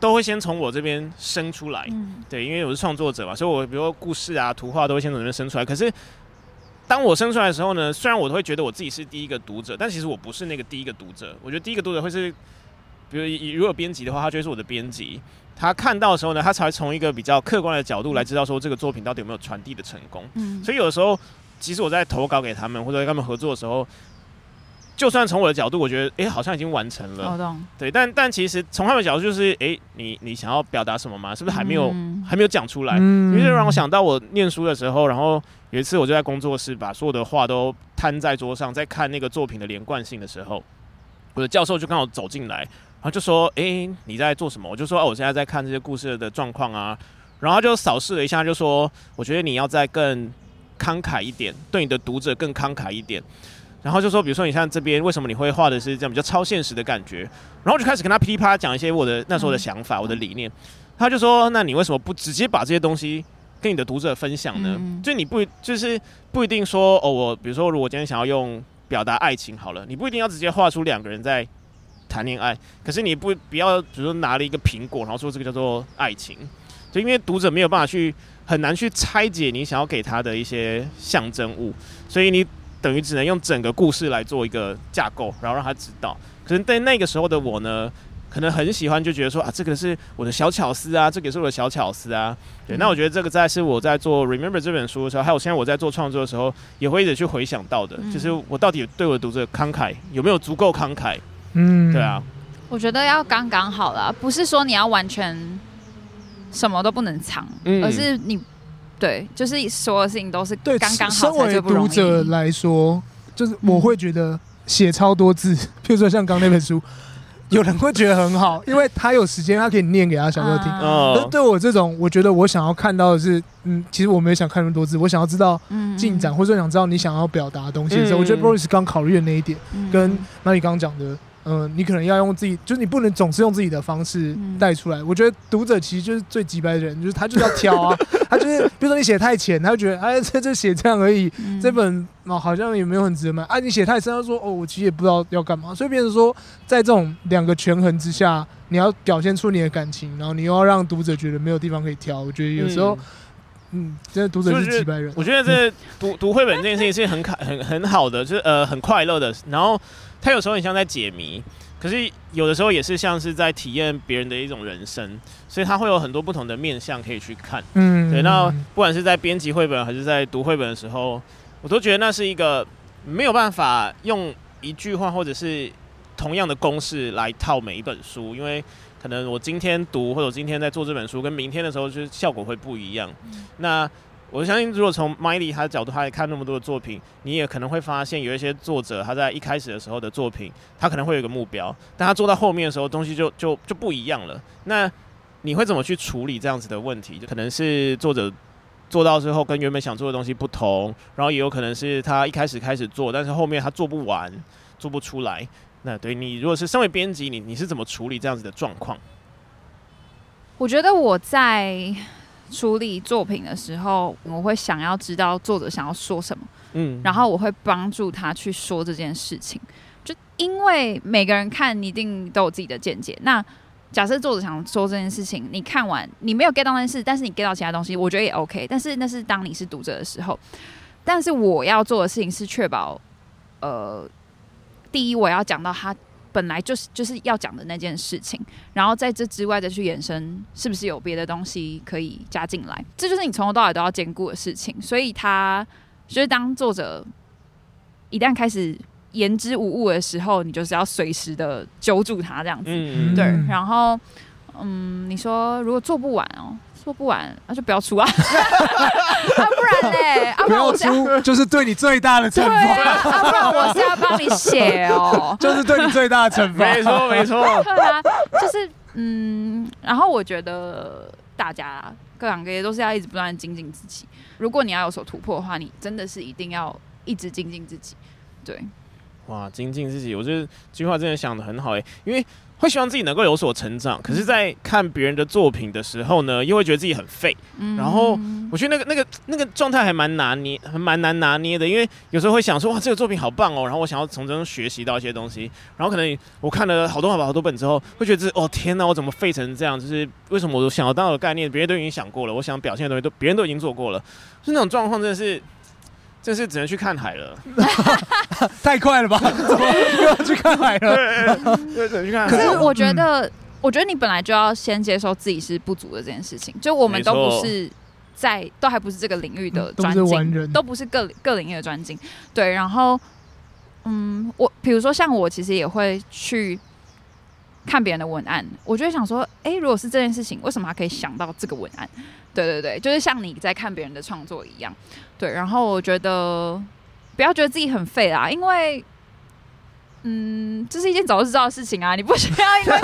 都會先從我這邊生出來，嗯，對，因為我是創作者嘛，所以我比如說故事啊、圖畫都會先從這邊生出來。可是當我生出來的時候呢，雖然我都會覺得我自己是第一個讀者，但其實我不是那個第一個讀者。我覺得第一個讀者會是。比如，如果編輯的話，他就是我的編輯。他看到的時候呢，他才會從一個比較客觀的角度來知道說這個作品到底有沒有傳遞的成功。嗯、所以有的時候，其實我在投稿給他們或者跟他們合作的時候，就算從我的角度，我覺得，哎、欸，好像已經完成了。懂對。但但其實從他們的角度，就是，哎、欸，你你想要表達什麼嗎？是不是還沒有、嗯、還沒有講出來？嗯、因為這讓我想到我念書的時候，然後有一次我就在工作室把所有的畫都攤在桌上，在看那個作品的連貫性的時候，我的教授就剛好走進來。然後就說：“哎，你在做什麼？”我就說：“哦，我現在在看這些故事的狀況啊。”然後就掃視了一下，就說：“我覺得你要再更慷慨一點，對你的讀者更慷慨一點。”然後就說：“比如說，你像這邊，為什麼你會畫的是這樣比較超現實的感覺？”然後就開始跟他噼里啪啦講一些我的那時候的想法、嗯、我的理念。他就說：“那你為什麼不直接把這些東西跟你的讀者分享呢？嗯、就你不就是不一定說哦，我比如說，如果今天想要用表達愛情好了，你不一定要直接畫出兩個人在。”談戀愛，可是你不不要，比如說拿了一個蘋果，然後說這個叫做愛情，就因為讀者沒有辦法去很難去拆解你想要給他的一些象徵物，所以你等於只能用整個故事來做一個架構，然後讓他知道。可是在那個時候的我呢，可能很喜歡，就覺得說啊，這個是我的小巧思啊，這個是我的小巧思啊。對，嗯、那我覺得這個在是我在做《Remember》這本書的時候，還有現在我在做創作的時候，也會一直去回想到的，就是我到底對我的讀者慷慨有沒有足夠慷慨。嗯，對啊，我覺得要剛剛好了，不是說你要完全什麼都不能藏，而是你對，就是所有事情都是剛剛好。身為讀者來說，就是我會覺得寫超多字，譬如說像剛那本書，有人會覺得很好，因為他有時間，他可以念給他小朋友聽。但對我這種，我覺得我想要看到的是，嗯，其實我沒有想看那麼多字，我想要知道進展，或者想知道你想要表達的東西的時候，我覺得 Boris 剛考慮的那一點，跟那你剛講的。嗯、呃，你可能要用自己，就是你不能總是用自己的方式帶出來。嗯、我覺得讀者其實就是最直白的人，就是他就是要挑啊， 他就是，比如說你寫太淺，他就覺得，哎，這這寫這樣而已，嗯、這本哦，好像也沒有很值得買。啊，你寫太深，他就說，哦，我其實也不知道要幹嘛。所以，變成說，在這種兩個權衡之下，你要表現出你的感情，然後你又要讓讀者覺得沒有地方可以挑。我覺得有時候。嗯嗯，現在讀者是幾百人。我覺得這讀讀繪本這件事情是很很很好的，就是呃很快樂的。然後它有時候很像在解謎，可是有的時候也是像是在體驗別人的一種人生，所以它會有很多不同的面向可以去看。嗯，對。那不管是在編輯繪本還是在讀繪本的時候，我都覺得那是一個沒有辦法用一句話或者是同樣的公式來套每一本書，因為。可能我今天讀或者我今天在做這本書，跟明天的時候就是效果會不一樣。嗯。那我相信，如果從 Miley 他的角度，他看那麼多的作品，你也可能會發現有一些作者他在一開始的時候的作品，他可能會有一個目標，但他做到後面的時候，東西就就就不一樣了。那你會怎麼去處理這樣子的問題？就可能是作者做到之後跟原本想做的東西不同，然後也有可能是他一開始開始做，但是後面他做不完，做不出來。那對你，如果是身為編輯，你你是怎麼處理這樣子的狀況？我覺得我在處理作品的時候，我會想要知道作者想要說什麼，嗯，然後我會幫助他去說這件事情。就因為每個人看，一定都有自己的見解。那假設作者想說這件事情，你看完你沒有 get 到那件事，但是你 get 到其他東西，我覺得也 OK。但是那是當你是讀者的時候，但是我要做的事情是確保，呃。第一，我要講到他本來就是就是要講的那件事情，然後在這之外再去延伸，是不是有別的東西可以加進來？這就是你從頭到尾都要兼顧的事情。所以，他就是當作者一旦開始言之無物的時候，你就是要隨時的揪住他這樣子。嗯嗯對，然後，嗯，你說如果做不完哦、喔。說不完，那、啊、就不要出啊！ 啊不然呢、欸，啊，不要出，啊、然我是要就是對你最大的懲罰。啊， 啊不然我是要幫你寫哦。 就是對你最大的懲罰，沒錯，沒錯。對啊，就是嗯，然後我覺得大家各行各業都是要一直不斷精進自己。如果你要有所突破的話，你真的是一定要一直精進自己。對，哇，精進自己，我覺得這句話真的想得很好哎，欸，因為。會希望自己能夠有所成長，可是，在看別人的作品的時候呢，又會覺得自己很廢。然後，我覺得那個、那個、那個狀態還蠻拿捏，還蠻難拿捏的。因為有時候會想說：“哇，這個作品好棒哦！”然後我想要從中學習到一些東西。然後，可能我看了好多、好多、好多本之後，會覺得：“哦，天哪，我怎麼廢成這樣？就是為什麼我想要當我的概念，別人都已經想過了；我想表現的東西，都別人都已經做過了。”就那種狀況，真的是。就是只能去看海了， 太快了吧？ 怎麼又要去看海了？對，只能去看。可是我覺得，我覺得你本來就要先接受自己是不足的這件事情。就我們都不是在，都還不是這個領域的專精，都不是各領各領域的專精。對，然後，嗯，我比如說像我，其實也會去看別人的文案，我就會想說，哎，如果是這件事情，為什麼還可以想到這個文案？對對對，就是像你在看別人的創作一樣。對，然後我覺得不要覺得自己很廢啦，因為，嗯，這是一件早就知道的事情啊，你不需要因為看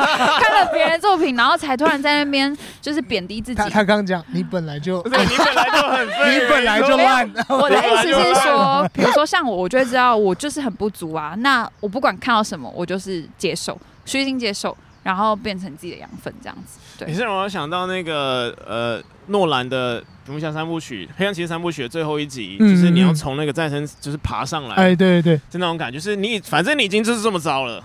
了別人作品， 然後才突然在那邊就是貶低自己。他剛剛講，你本來就，你本來就很廢， 你本來就爛。有 我的意思是說，比如說像我，我就會知道我就是很不足啊。那我不管看到什麼，我就是接受，虛心接受。然後變成自己的養分，這樣子。對，你是讓我想到那個呃諾蘭的《蝙蝠俠三部曲》《黑暗騎士三部曲》的最後一集，嗯嗯，就是你要從那個再生就是爬上來。哎，對對對，就那種感覺，是你反正你已經就是這麼糟了。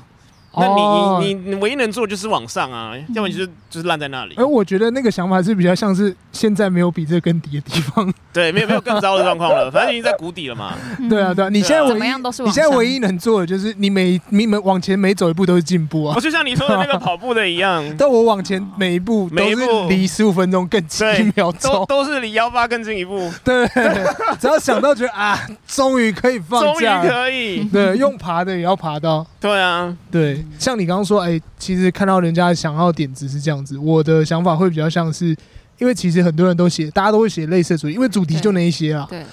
那你你、oh. 你唯一能做的就是往上啊，要麼你就就是爛在那裡。哎、呃，我覺得那個想法，是比較像是現在沒有比這更低的地方，對，沒有沒有更糟的狀況了， 反正已經在谷底了嘛。對啊，對啊，你現在怎麼樣都是你。你現在唯一能做的就是你每你們往前每走一步都是進步啊。我、哦、就像你說的那個跑步的一樣， 但我往前每一步都是離十五分鐘更近一秒鐘，都是離幺八更近一步。對，只要想到覺得啊，終於可以放假，終於可以。對，用爬的也要爬到。對啊，對。像你剛剛說，哎、欸，其實看到人家想要點子是這樣子，我的想法會比較像是，因為其實很多人都寫，大家都會寫類似的主題，因為主題就那一些啊。對。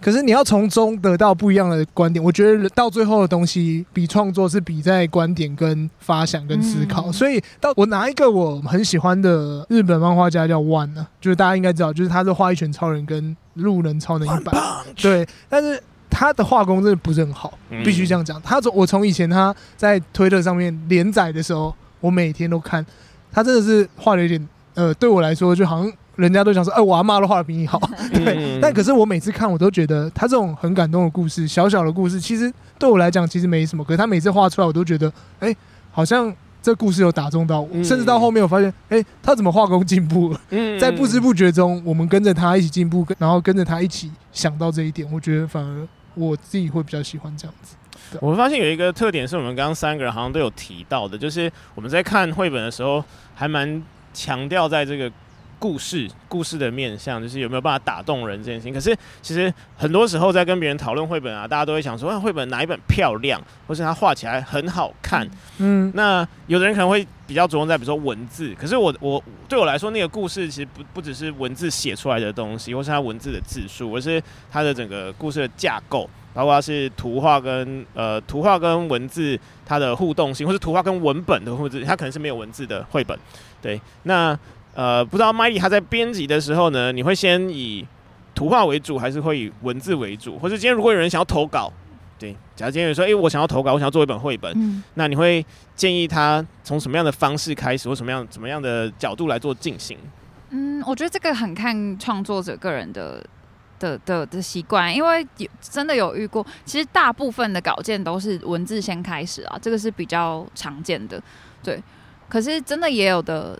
可是你要從中得到不一樣的觀點，我覺得到最後的東西，比創作是比在觀點跟發想跟思考。嗯嗯嗯，所以到我拿一個我很喜歡的日本漫畫家叫 One 啊，就是大家應該知道，就是他是畫一拳超人跟路人超人一百。One bunch. 對，但是。他的畫工真的不是很好，必須這樣講。他從我從以前他在推特上面連載的時候，我每天都看，他真的是畫的有點呃，對我來說就好像人家都想說，哎、欸，我阿媽都畫的比你好， 對。但可是我每次看，我都覺得他這種很感動的故事，小小的故事，其實對我來講其實沒什麼。可是他每次畫出來，我都覺得，哎、欸，好像這故事有打中到我。甚至到後面，我發現，哎、欸，他怎麼畫工進步了？嗯，在不知不覺中，我們跟着他一起進步，跟然後跟着他一起想到這一點，我覺得反而。我自己會比較喜歡這樣子。對，我們發現有一個特點，是我們剛剛三個人好像都有提到的，就是我們在看繪本的時候，還蠻強調在這個故事故事的面向，就是有沒有辦法打動人這件事情。可是其實很多時候在跟別人討論繪本啊，大家都會想說，哎，繪本哪一本漂亮，或是它畫起來很好看。嗯，那有的人可能會。比較着重在比如說文字，可是我我對我來說，那個故事其實不不只是文字寫出來的東西，或是它文字的字數，而是它的整個故事的架構，包括它是圖畫跟呃圖畫跟文字它的互動性，或是圖畫跟文本的互動，它可能是沒有文字的繪本。對，那呃不知道 Miley 他在編輯的時候呢，你會先以圖畫為主，還是會以文字為主？或是今天如果有人想要投稿？對，假如今天有人說：“哎、欸，我想要投稿，我想要做一本繪本。”嗯，那你會建議他從什麼樣的方式開始，或什麼樣怎麼樣的角度來做進行？嗯，我覺得這個很看創作者個人的的的的習慣，因為真的有遇過，其實大部分的稿件都是文字先開始啊，這個是比較常見的。對，可是真的也有的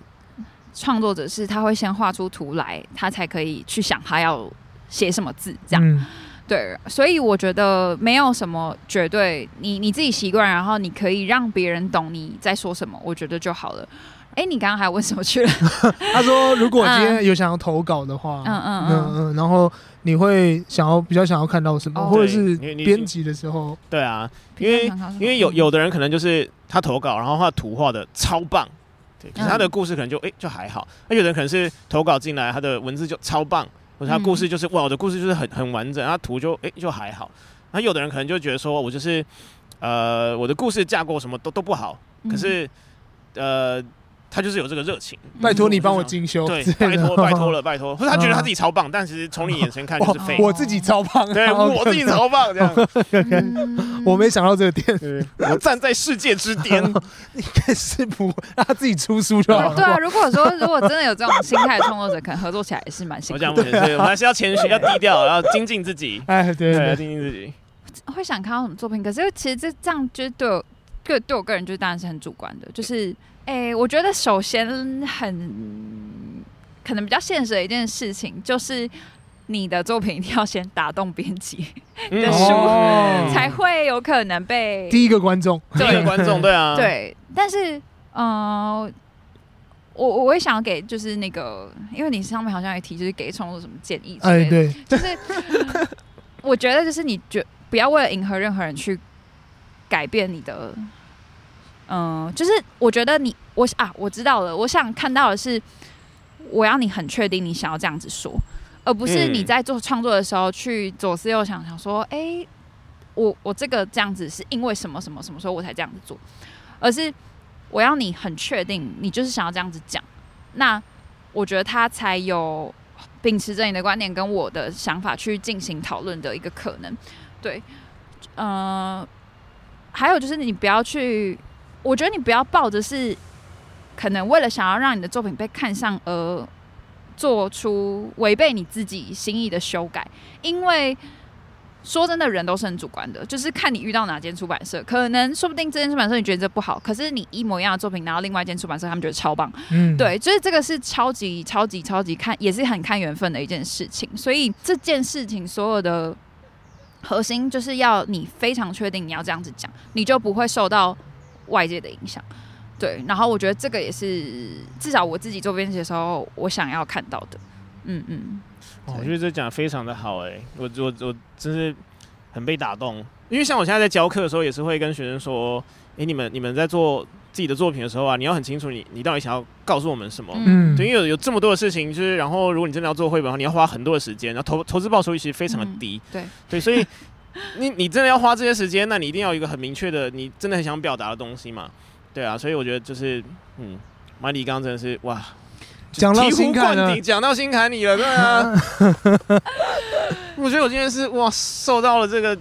創作者是他會先畫出圖來，他才可以去想他要寫什麼字這樣。嗯對，所以我覺得沒有什麼絕對，你你自己習慣，然後你可以讓別人懂你在說什麼，我覺得就好了。哎、欸，你剛剛還問什麼去了？ 他說如果今天有想要投稿的話，嗯嗯嗯嗯，嗯嗯然後你會想要比較想要看到什麼，哦、或者是你編輯的時候，對，對啊，因為因為，因為有有的人可能就是他投稿，然後他圖畫得超棒，對，可是他的故事可能就哎、嗯欸、就還好，那有人可能是投稿進來，他的文字就超棒。或者他故事就是哇，我的故事就是很很完整，然後他圖就哎、欸、就還好。那有的人可能就覺得說我就是，呃，我的故事架構什麼都都不好，嗯、可是，呃。他就是有這個熱情，拜託你幫我精修。對，拜託，拜託了，拜託。所以他覺得他自己超棒，但其實從你眼神看就是廢。我自己超棒，對我自己超棒這樣。我沒想到這個點，我站在世界之巔。應該是不讓他自己出書就好。對啊，如果說如果真的有這種心態的創作者，可能合作起來也是蠻辛苦的。我講目前是，我還是要謙虛，要低調，要精進自己。哎，對，要精進自己。會想看到什麼作品？可是其實這這樣，就是對我。對，對我個人就是當然是很主觀的，就是哎、欸，我覺得首先很可能比較現實的一件事情就是，你的作品一定要先打動編輯的書，嗯、才會有可能被第一個觀眾，對第二個觀眾，對啊，對。但是，嗯、呃，我我也想要給，就是那個，因為你上面好像也提，就是給創作什麼建議，哎，對，就是 我覺得就是你絕不要為了迎合任何人去改變你的。嗯、呃，就是我覺得你我啊，我知道了。我想看到的是，我要你很確定你想要這樣子說，而不是你在做創作的時候去左思右想想說，哎、欸，我我這個這樣子是因為什麼什麼什麼時候我才這樣子做，而是我要你很確定你就是想要這樣子講。那我覺得他才有秉持着你的觀點跟我的想法去進行討論的一個可能。對，嗯、呃，還有就是你不要去。我覺得你不要抱着是，可能為了想要讓你的作品被看上而做出違背你自己心意的修改，因為說真的，人都是很主觀的，就是看你遇到哪間出版社，可能說不定這間出版社你覺得這不好，可是你一模一樣的作品拿到另外一間出版社，他們覺得超棒。嗯，對，所以這個是超級超級超級看，也是很看緣分的一件事情。所以這件事情所有的核心就是要你非常確定你要這樣子講，你就不會受到。外界的影響，對，然後我覺得這個也是至少我自己做編輯的時候，我想要看到的，嗯嗯，哦、我覺得這講得非常的好。欸，哎，我我我真是很被打動，因為像我現在在教課的時候，也是會跟學生說，哎、欸，你們你們在做自己的作品的時候啊，你要很清楚你你到底想要告訴我們什麼，嗯，對，因為有有這麼多的事情，就是然後如果你真的要做繪本的話，你要花很多的時間，然後投投資報酬率其實非常的低，嗯、對,對，所以。 你你真的要花這些時間？那你一定要有一個很明確的，你真的很想表達的東西嘛？對啊，所以我覺得就是，嗯，Miley 剛真的是哇，講到心坎了，講到心坎裡了，對啊。我覺得我今天是哇，受到了這個，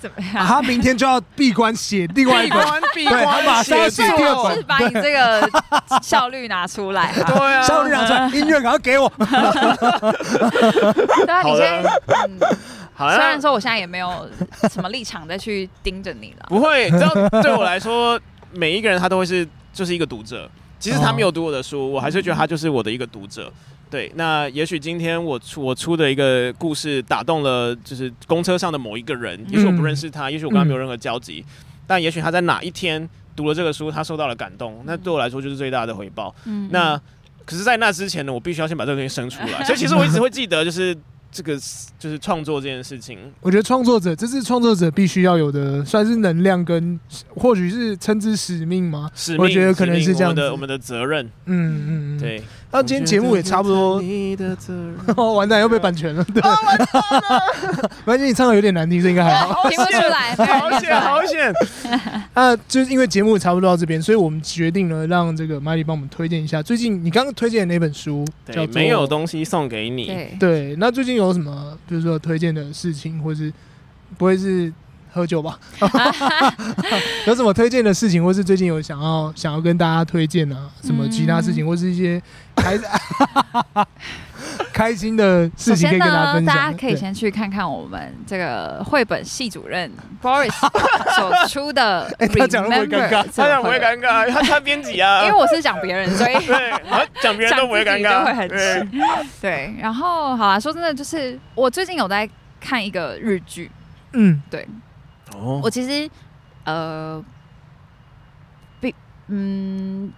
怎麼樣？他明天就要閉關寫另外一關，對，馬上寫第二，是把你這個效率拿出來，對啊，效率拿出來，音樂趕快給我。好嗯雖然說我現在也沒有什麼立場再去盯着你了， 不會，你知道，對我來說，每一個人他都會是就是一個讀者。其實他沒有讀我的書，哦、我還是覺得他就是我的一個讀者。對，那也許今天我出我出的一個故事打動了，就是公車上的某一個人。也許我不認識他，也許我跟他沒有任何交集，嗯、但也許他在哪一天讀了這個書，他受到了感動。嗯、那對我來說就是最大的回報。嗯，那可是在那之前呢，我必須要先把這個東西生出來。嗯、所以其實我一直會記得，就是。這個就是創作這件事情，我覺得創作者，這是創作者必須要有的，算是能量跟，或許是稱之使命嗎？使命，我覺得可能是這樣的，我們的責任。嗯嗯嗯，對。那、啊、今天節目也差不多，呵呵完蛋要被版權了。對版權、啊、 你唱的有點難聽，這應該還好、啊，聽不出來。 好險，好險。那、 啊、就是因為節目也差不多到這邊，所以我們決定了讓這個 Miley 幫我們推薦一下最近你剛剛推薦的那本書叫《沒有東西送給你》對。對，那最近有什麼，就是說推薦的事情，或是不會是？喝酒吧，有什麼推薦的事情，或是最近有想要想要跟大家推薦啊什麼其他事情，或是一些開心的事情，可以跟大家分享。大家可以先去看看我們這個繪本系主任 Boris 所出的。他講不會尷尬，他講不會尷尬，他他編輯啊。因為我是講別人，所以對，講別人都不會尷尬，對。然後好啊，說真的，就是我最近有在看一個日劇，嗯，對。Oh. 我其實，呃，被嗯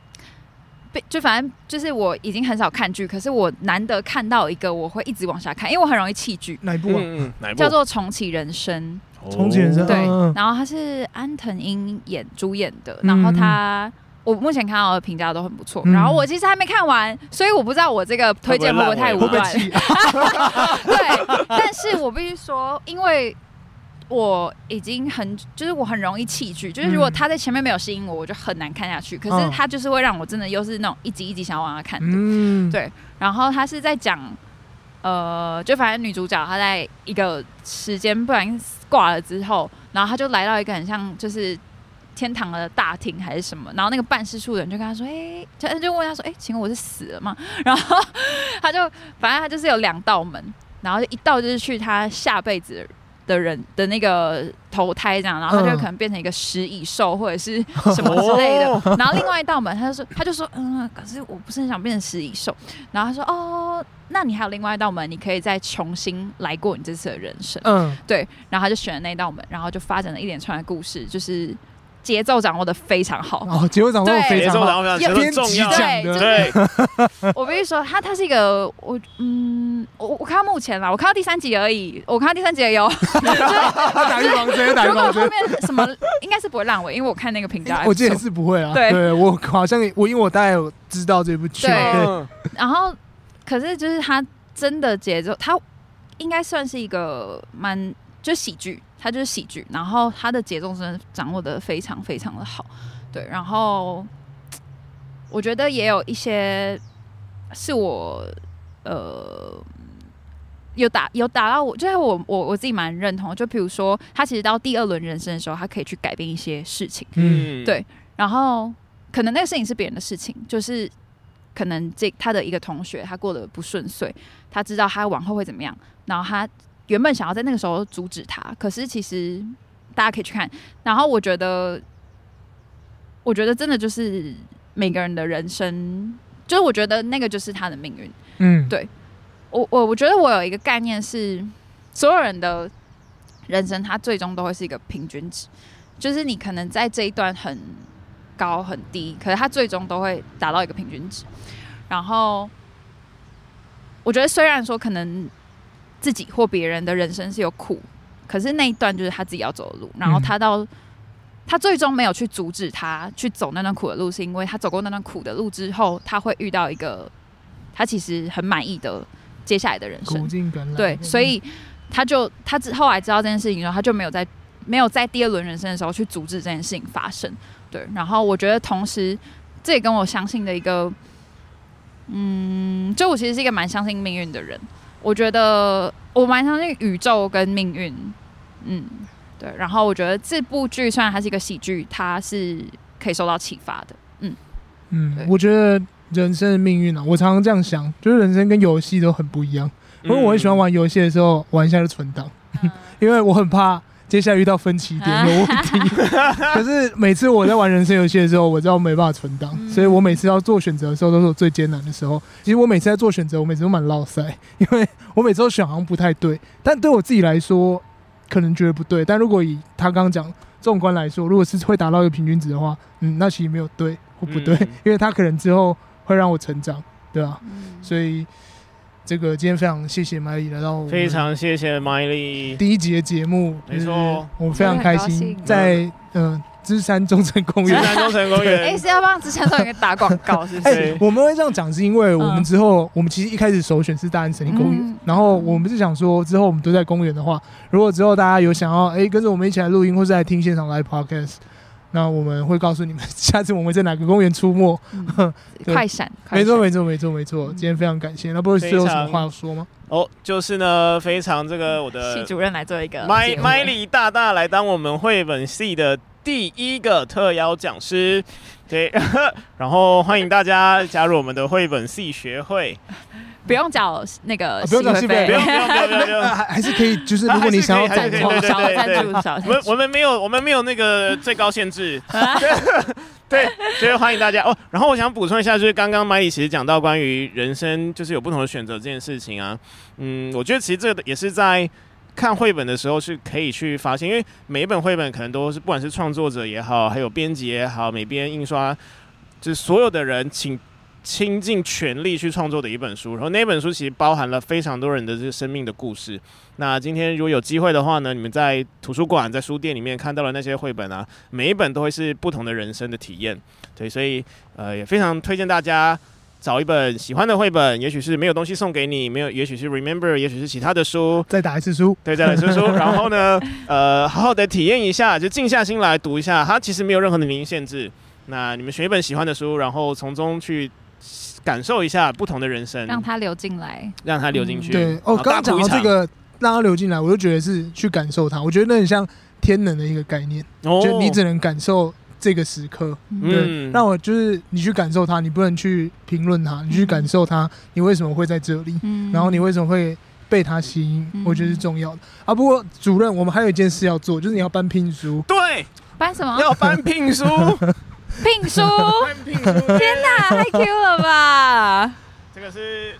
被就反正就是我已經很少看劇，可是我難得看到一個我會一直往下看，因為我很容易棄劇。哪一部啊？叫做《重啟人生》。重啟人生。對，然後他是安藤櫻演主演的，然後他、嗯、我目前看到的評價都很不錯，嗯、然後我其實還沒看完，所以我不知道我這個推薦會不會太武斷。啊、 對，但是我必須說，因為。我已經很，就是我很容易棄劇，就是如果他在前面沒有吸引我，嗯、我就很難看下去。可是他就是會讓我真的又是那種一集一集想要往下看的，對。然後他是在講，呃，就反正女主角她在一個時間不小心掛了之後，然後他就來到一個很像就是天堂的大廳還是什麼，然後那個辦事處的人就跟他說：“哎、欸，他就問他說：‘哎、欸，請問我是死了嗎？’然後他就反正他就是有兩道門，然後一道就是去他下輩子。”的人的那個投胎這樣，然後他就可能變成一個食蟻獸或者是什麼之類的。嗯、然後另外一道門，他就說，他就說，嗯，可是我不是很想變成食蟻獸。然後他說，哦，那你還有另外一道門，你可以再重新來過你這次的人生。嗯、對。然後他就選了那道門，然後就發展了一連串的故事，就是。節奏掌握的非常好哦，節奏掌握的非常好，有點的非常好，對？我跟你說，他他是一個，我嗯，我我看到目前啦，我看到第三集而已，我看到第三集也有，他如果後面什麼，應該是不會爛尾，因為我看那個評價，我記得是不會啊。對，我好像我因為我大概有知道這部劇，然後可是就是他真的節奏，他應該算是一個蠻就喜劇。他就是喜劇，然後他的節奏真的掌握得非常非常的好，對。然後我覺得也有一些是我呃有打有打到我，就是我我我自己蠻認同。就比如說，他其實到第二輪人生的時候，他可以去改變一些事情，嗯，對。然後可能那個事情是別人的事情，就是可能這他的一個同學他過得不順遂，他知道他往後會怎麼樣，然後他。原本想要在那個時候阻止他，可是其實大家可以去看。然後我覺得，我覺得真的就是每個人的人生，就是我覺得那個就是他的命運。嗯，對，我，我覺得我有一個概念是，所有人的人生他最終都會是一個平均值，就是你可能在這一段很高很低，可是他最終都會達到一個平均值。然後，我覺得雖然說可能，自己或別人的人生是有苦，可是那一段就是他自己要走的路。然後他到、嗯、他最終沒有去阻止他去走那段苦的路，是因為他走過那段苦的路之後，他會遇到一個他其實很滿意的接下來的人生。對，所以他就他之後來知道這件事情，之後他就沒有在沒有在第二輪人生的時候去阻止這件事情發生。對，然後我覺得同時這也跟我相信的一個，嗯，就我其實是一個蠻相信命運的人。我覺得我蠻相信宇宙跟命運，嗯，對。然後我覺得這部劇雖然它是一個喜劇，它是可以受到啟發的，嗯嗯。對我覺得人生的命運啊，我常常這樣想，就是人生跟遊戲都很不一樣。因為我很喜歡玩遊戲的時候玩一下就存檔，嗯、 因為我很怕，接下來遇到分歧點有問題，可是每次我在玩人生遊戲的時候，我知道沒辦法存檔，嗯、所以我每次要做選擇的時候，都是我最艱難的時候。其實我每次在做選擇，我每次都蠻烙賽，因為我每次都選好像不太對。但對我自己來說，可能覺得不對。但如果以他剛剛講縱觀來說，如果是會達到一個平均值的話，嗯，那其實沒有對或不對，嗯、因為他可能之後會讓我成長，對吧、啊？嗯、所以。這個今天非常謝謝 Miley 來到我們的節目，非常謝謝 Miley 第一集節目。沒錯，我們非常開心在，錯在嗯芝、呃、山中正公園，芝山中正公園對對、欸，是要幫芝山中正公園打廣告？ 是不是對、欸？我們會這樣講，是因為我們之後，嗯、我們其實一開始首選是大安森林公園，嗯、哼然後我們是想說之後我們都在公園的話，如果之後大家有想要哎、欸、跟着我們一起來錄音，或是來聽現場來 podcast。那我們會告訴你們，下次我們在哪個公園出沒、嗯、快閃？快閃，沒錯，沒錯，沒錯，沒錯。今天非常感謝，那不會是有什麼話要說嗎？哦，就是呢，非常這個我的、嗯、系主任來做一個麥、Miley 大大來當我們繪本系的第一個特邀講師，對，然後歡迎大家加入我們的繪本系學會。嗯 不用交那個新、啊，不用交學費，不用不用不用，不用、 啊，還是可以，就是如果你想，要再對對，對對，贊助，我們我們沒有，我們沒有那個最高限制， 對，對，所以歡迎大家哦。然後我想補充一下，就是剛剛 Miley 其實講到關於人生，就是有不同的選擇這件事情啊。嗯，我覺得其實這個也是在看繪本的時候是可以去發現，因為每一本繪本可能都是不管是創作者也好，還有編輯也好，每邊印刷，就是所有的人請。傾盡全力去創作的一本書，然後那本書其實包含了非常多人的這個生命的故事。那今天如果有機會的話呢，你們在圖書館、在書店裡面看到了那些繪本啊，每一本都會是不同的人生的體驗。對，所以呃也非常推薦大家找一本喜歡的繪本，也許是沒有東西送給你，沒有，也許是 Remember，也許是其他的書，再書，再打一次書，對，再打一次書，然後呢，呃，好好的體驗一下，就靜下心來讀一下。它其實沒有任何的年齡限制。那你們選一本喜歡的書，然後從中去。感受一下不同的人生，讓它流進來，讓它流進去。對，哦，剛剛講到這個，讓它流進來，我就覺得是去感受它。我覺得那很像天能的一個概念，就你只能感受這個時刻。對，讓我就是你去感受它，你不能去評論它，你去感受它，你為什麼會在這裡？嗯，然後你為什麼會被它吸引？我覺得是重要的。啊，不過主任，我們還有一件事要做，就是你要頒聘書。對，頒什麼？要頒聘書。聘書， 聘書天哪、啊，太 q 了吧！ 這個是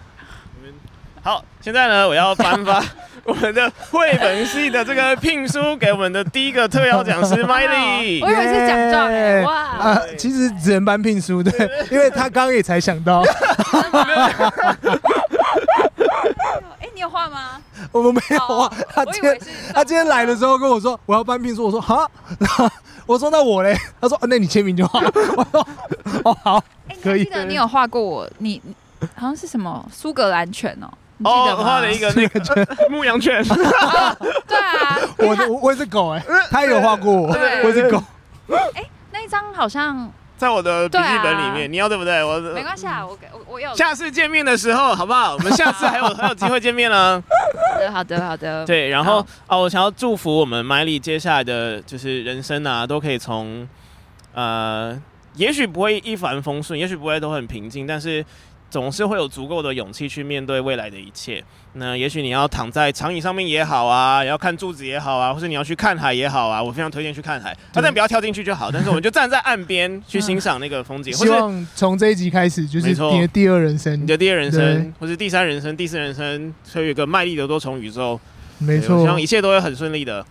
我們好，現在呢，我要頒發我們的繪本系的這個聘書給我們的第一個特邀講師 Miley 我以為是獎狀哇！啊 Yeah 好、呃，其實只能頒聘書，對，因為他剛剛也才想到。 我沒有啊，他今天他今天來的時候跟我說，我要頒證書，我說好，然後我說那我嘞？他說，那你簽名就好，我說哦好，哎，記得你有畫過我，你好像是什麼蘇格蘭犬哦，哦，畫了一個那個牧羊犬，對啊，我我也是狗哎，他也有畫過我，我也是狗，哎，那一張好像。在我的筆記本裡面，啊、你要對不對？我沒關係啊，我我我有。下次見面的時候，好不好？ 我們下次還有 還有機會見面呢、啊。好的，好的，好的。對，然後好啊，我想要祝福我們 Miley 接下來的，就是人生啊，都可以從呃，也許不會一帆風順，也許不會都很平靜，但是。總是會有足夠的勇氣去面對未來的一切。那也許你要躺在長椅上面也好啊，要看柱子也好啊，或者你要去看海也好啊。我非常推薦去看海對、啊，但不要跳進去就好。但是我們就站在岸邊去欣賞那個風景。 或是希望從這一集開始，就是錯你的第二人生，你的第二人生，或是第三人生、第四人生，所以有一個賣力的多重宇宙。沒錯錯，希望一切都會很順利的。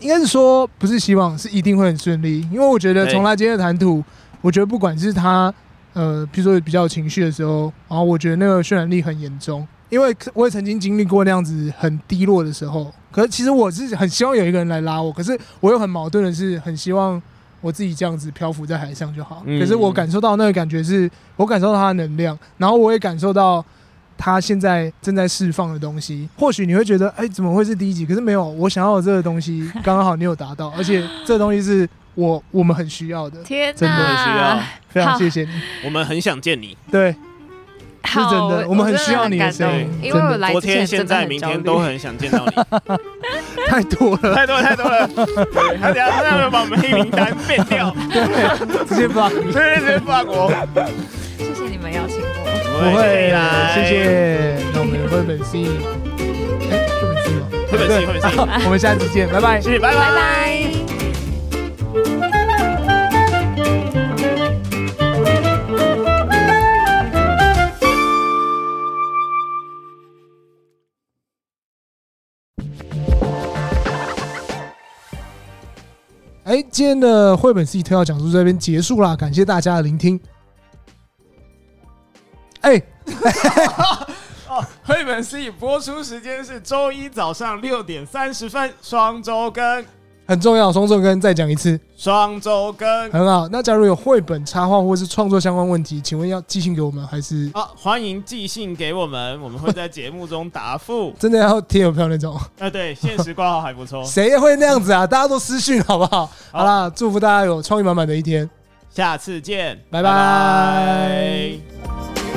應該是說，不是希望，是一定會很順利。因為我覺得，從他今天的談吐，對我覺得不管是他。呃，比如說比較有情緒的時候，然後我覺得那個渲染力很嚴重，因為我也曾經經歷過那樣子很低落的時候。可是其實我是很希望有一個人來拉我，可是我又很矛盾的是，很希望我自己這樣子漂浮在海上就好。嗯、可是我感受到那個感覺是，是我感受到他的能量，然後我也感受到他現在正在釋放的東西。或許你會覺得，哎、欸，怎麼會是第一集？可是沒有，我想要的這個東西剛剛好你有達到， 而且這東西是。我我們很需要的，天真的很需要，非常謝謝你，我們很想見你，對，是真的，我們很需要你，因為昨天、現在、明天都很想見到你，太多了，太多太多了，他等下他等下把我們黑名單變掉，對，直接放，直接放我，謝謝你們邀請我，不會啦，謝謝，那我們繪本 SEED，哎，繪本 SEED 哦，繪本 SEED，繪本 SEED，我們下次見，拜拜，謝謝，拜拜。哎，今天的繪本 SEED 推要講述這邊結束啦，感謝大家的聆聽。哎，繪 本 SEED 播出時間是周一早上六點三十分，雙週更。很重要，雙週更再講一次，雙週更很好。那假如有繪本插畫或者是創作相關問題，請問要寄信給我們還是？好、啊，歡迎寄信給我們，我們會在節目中答覆。 真的要貼郵票那種？啊，對，限時掛號還不錯。誰 會那樣子啊？大家都私訊好不好？ 好，好啦，祝福大家有創意滿滿的一天，下次見，拜拜 bye。Bye bye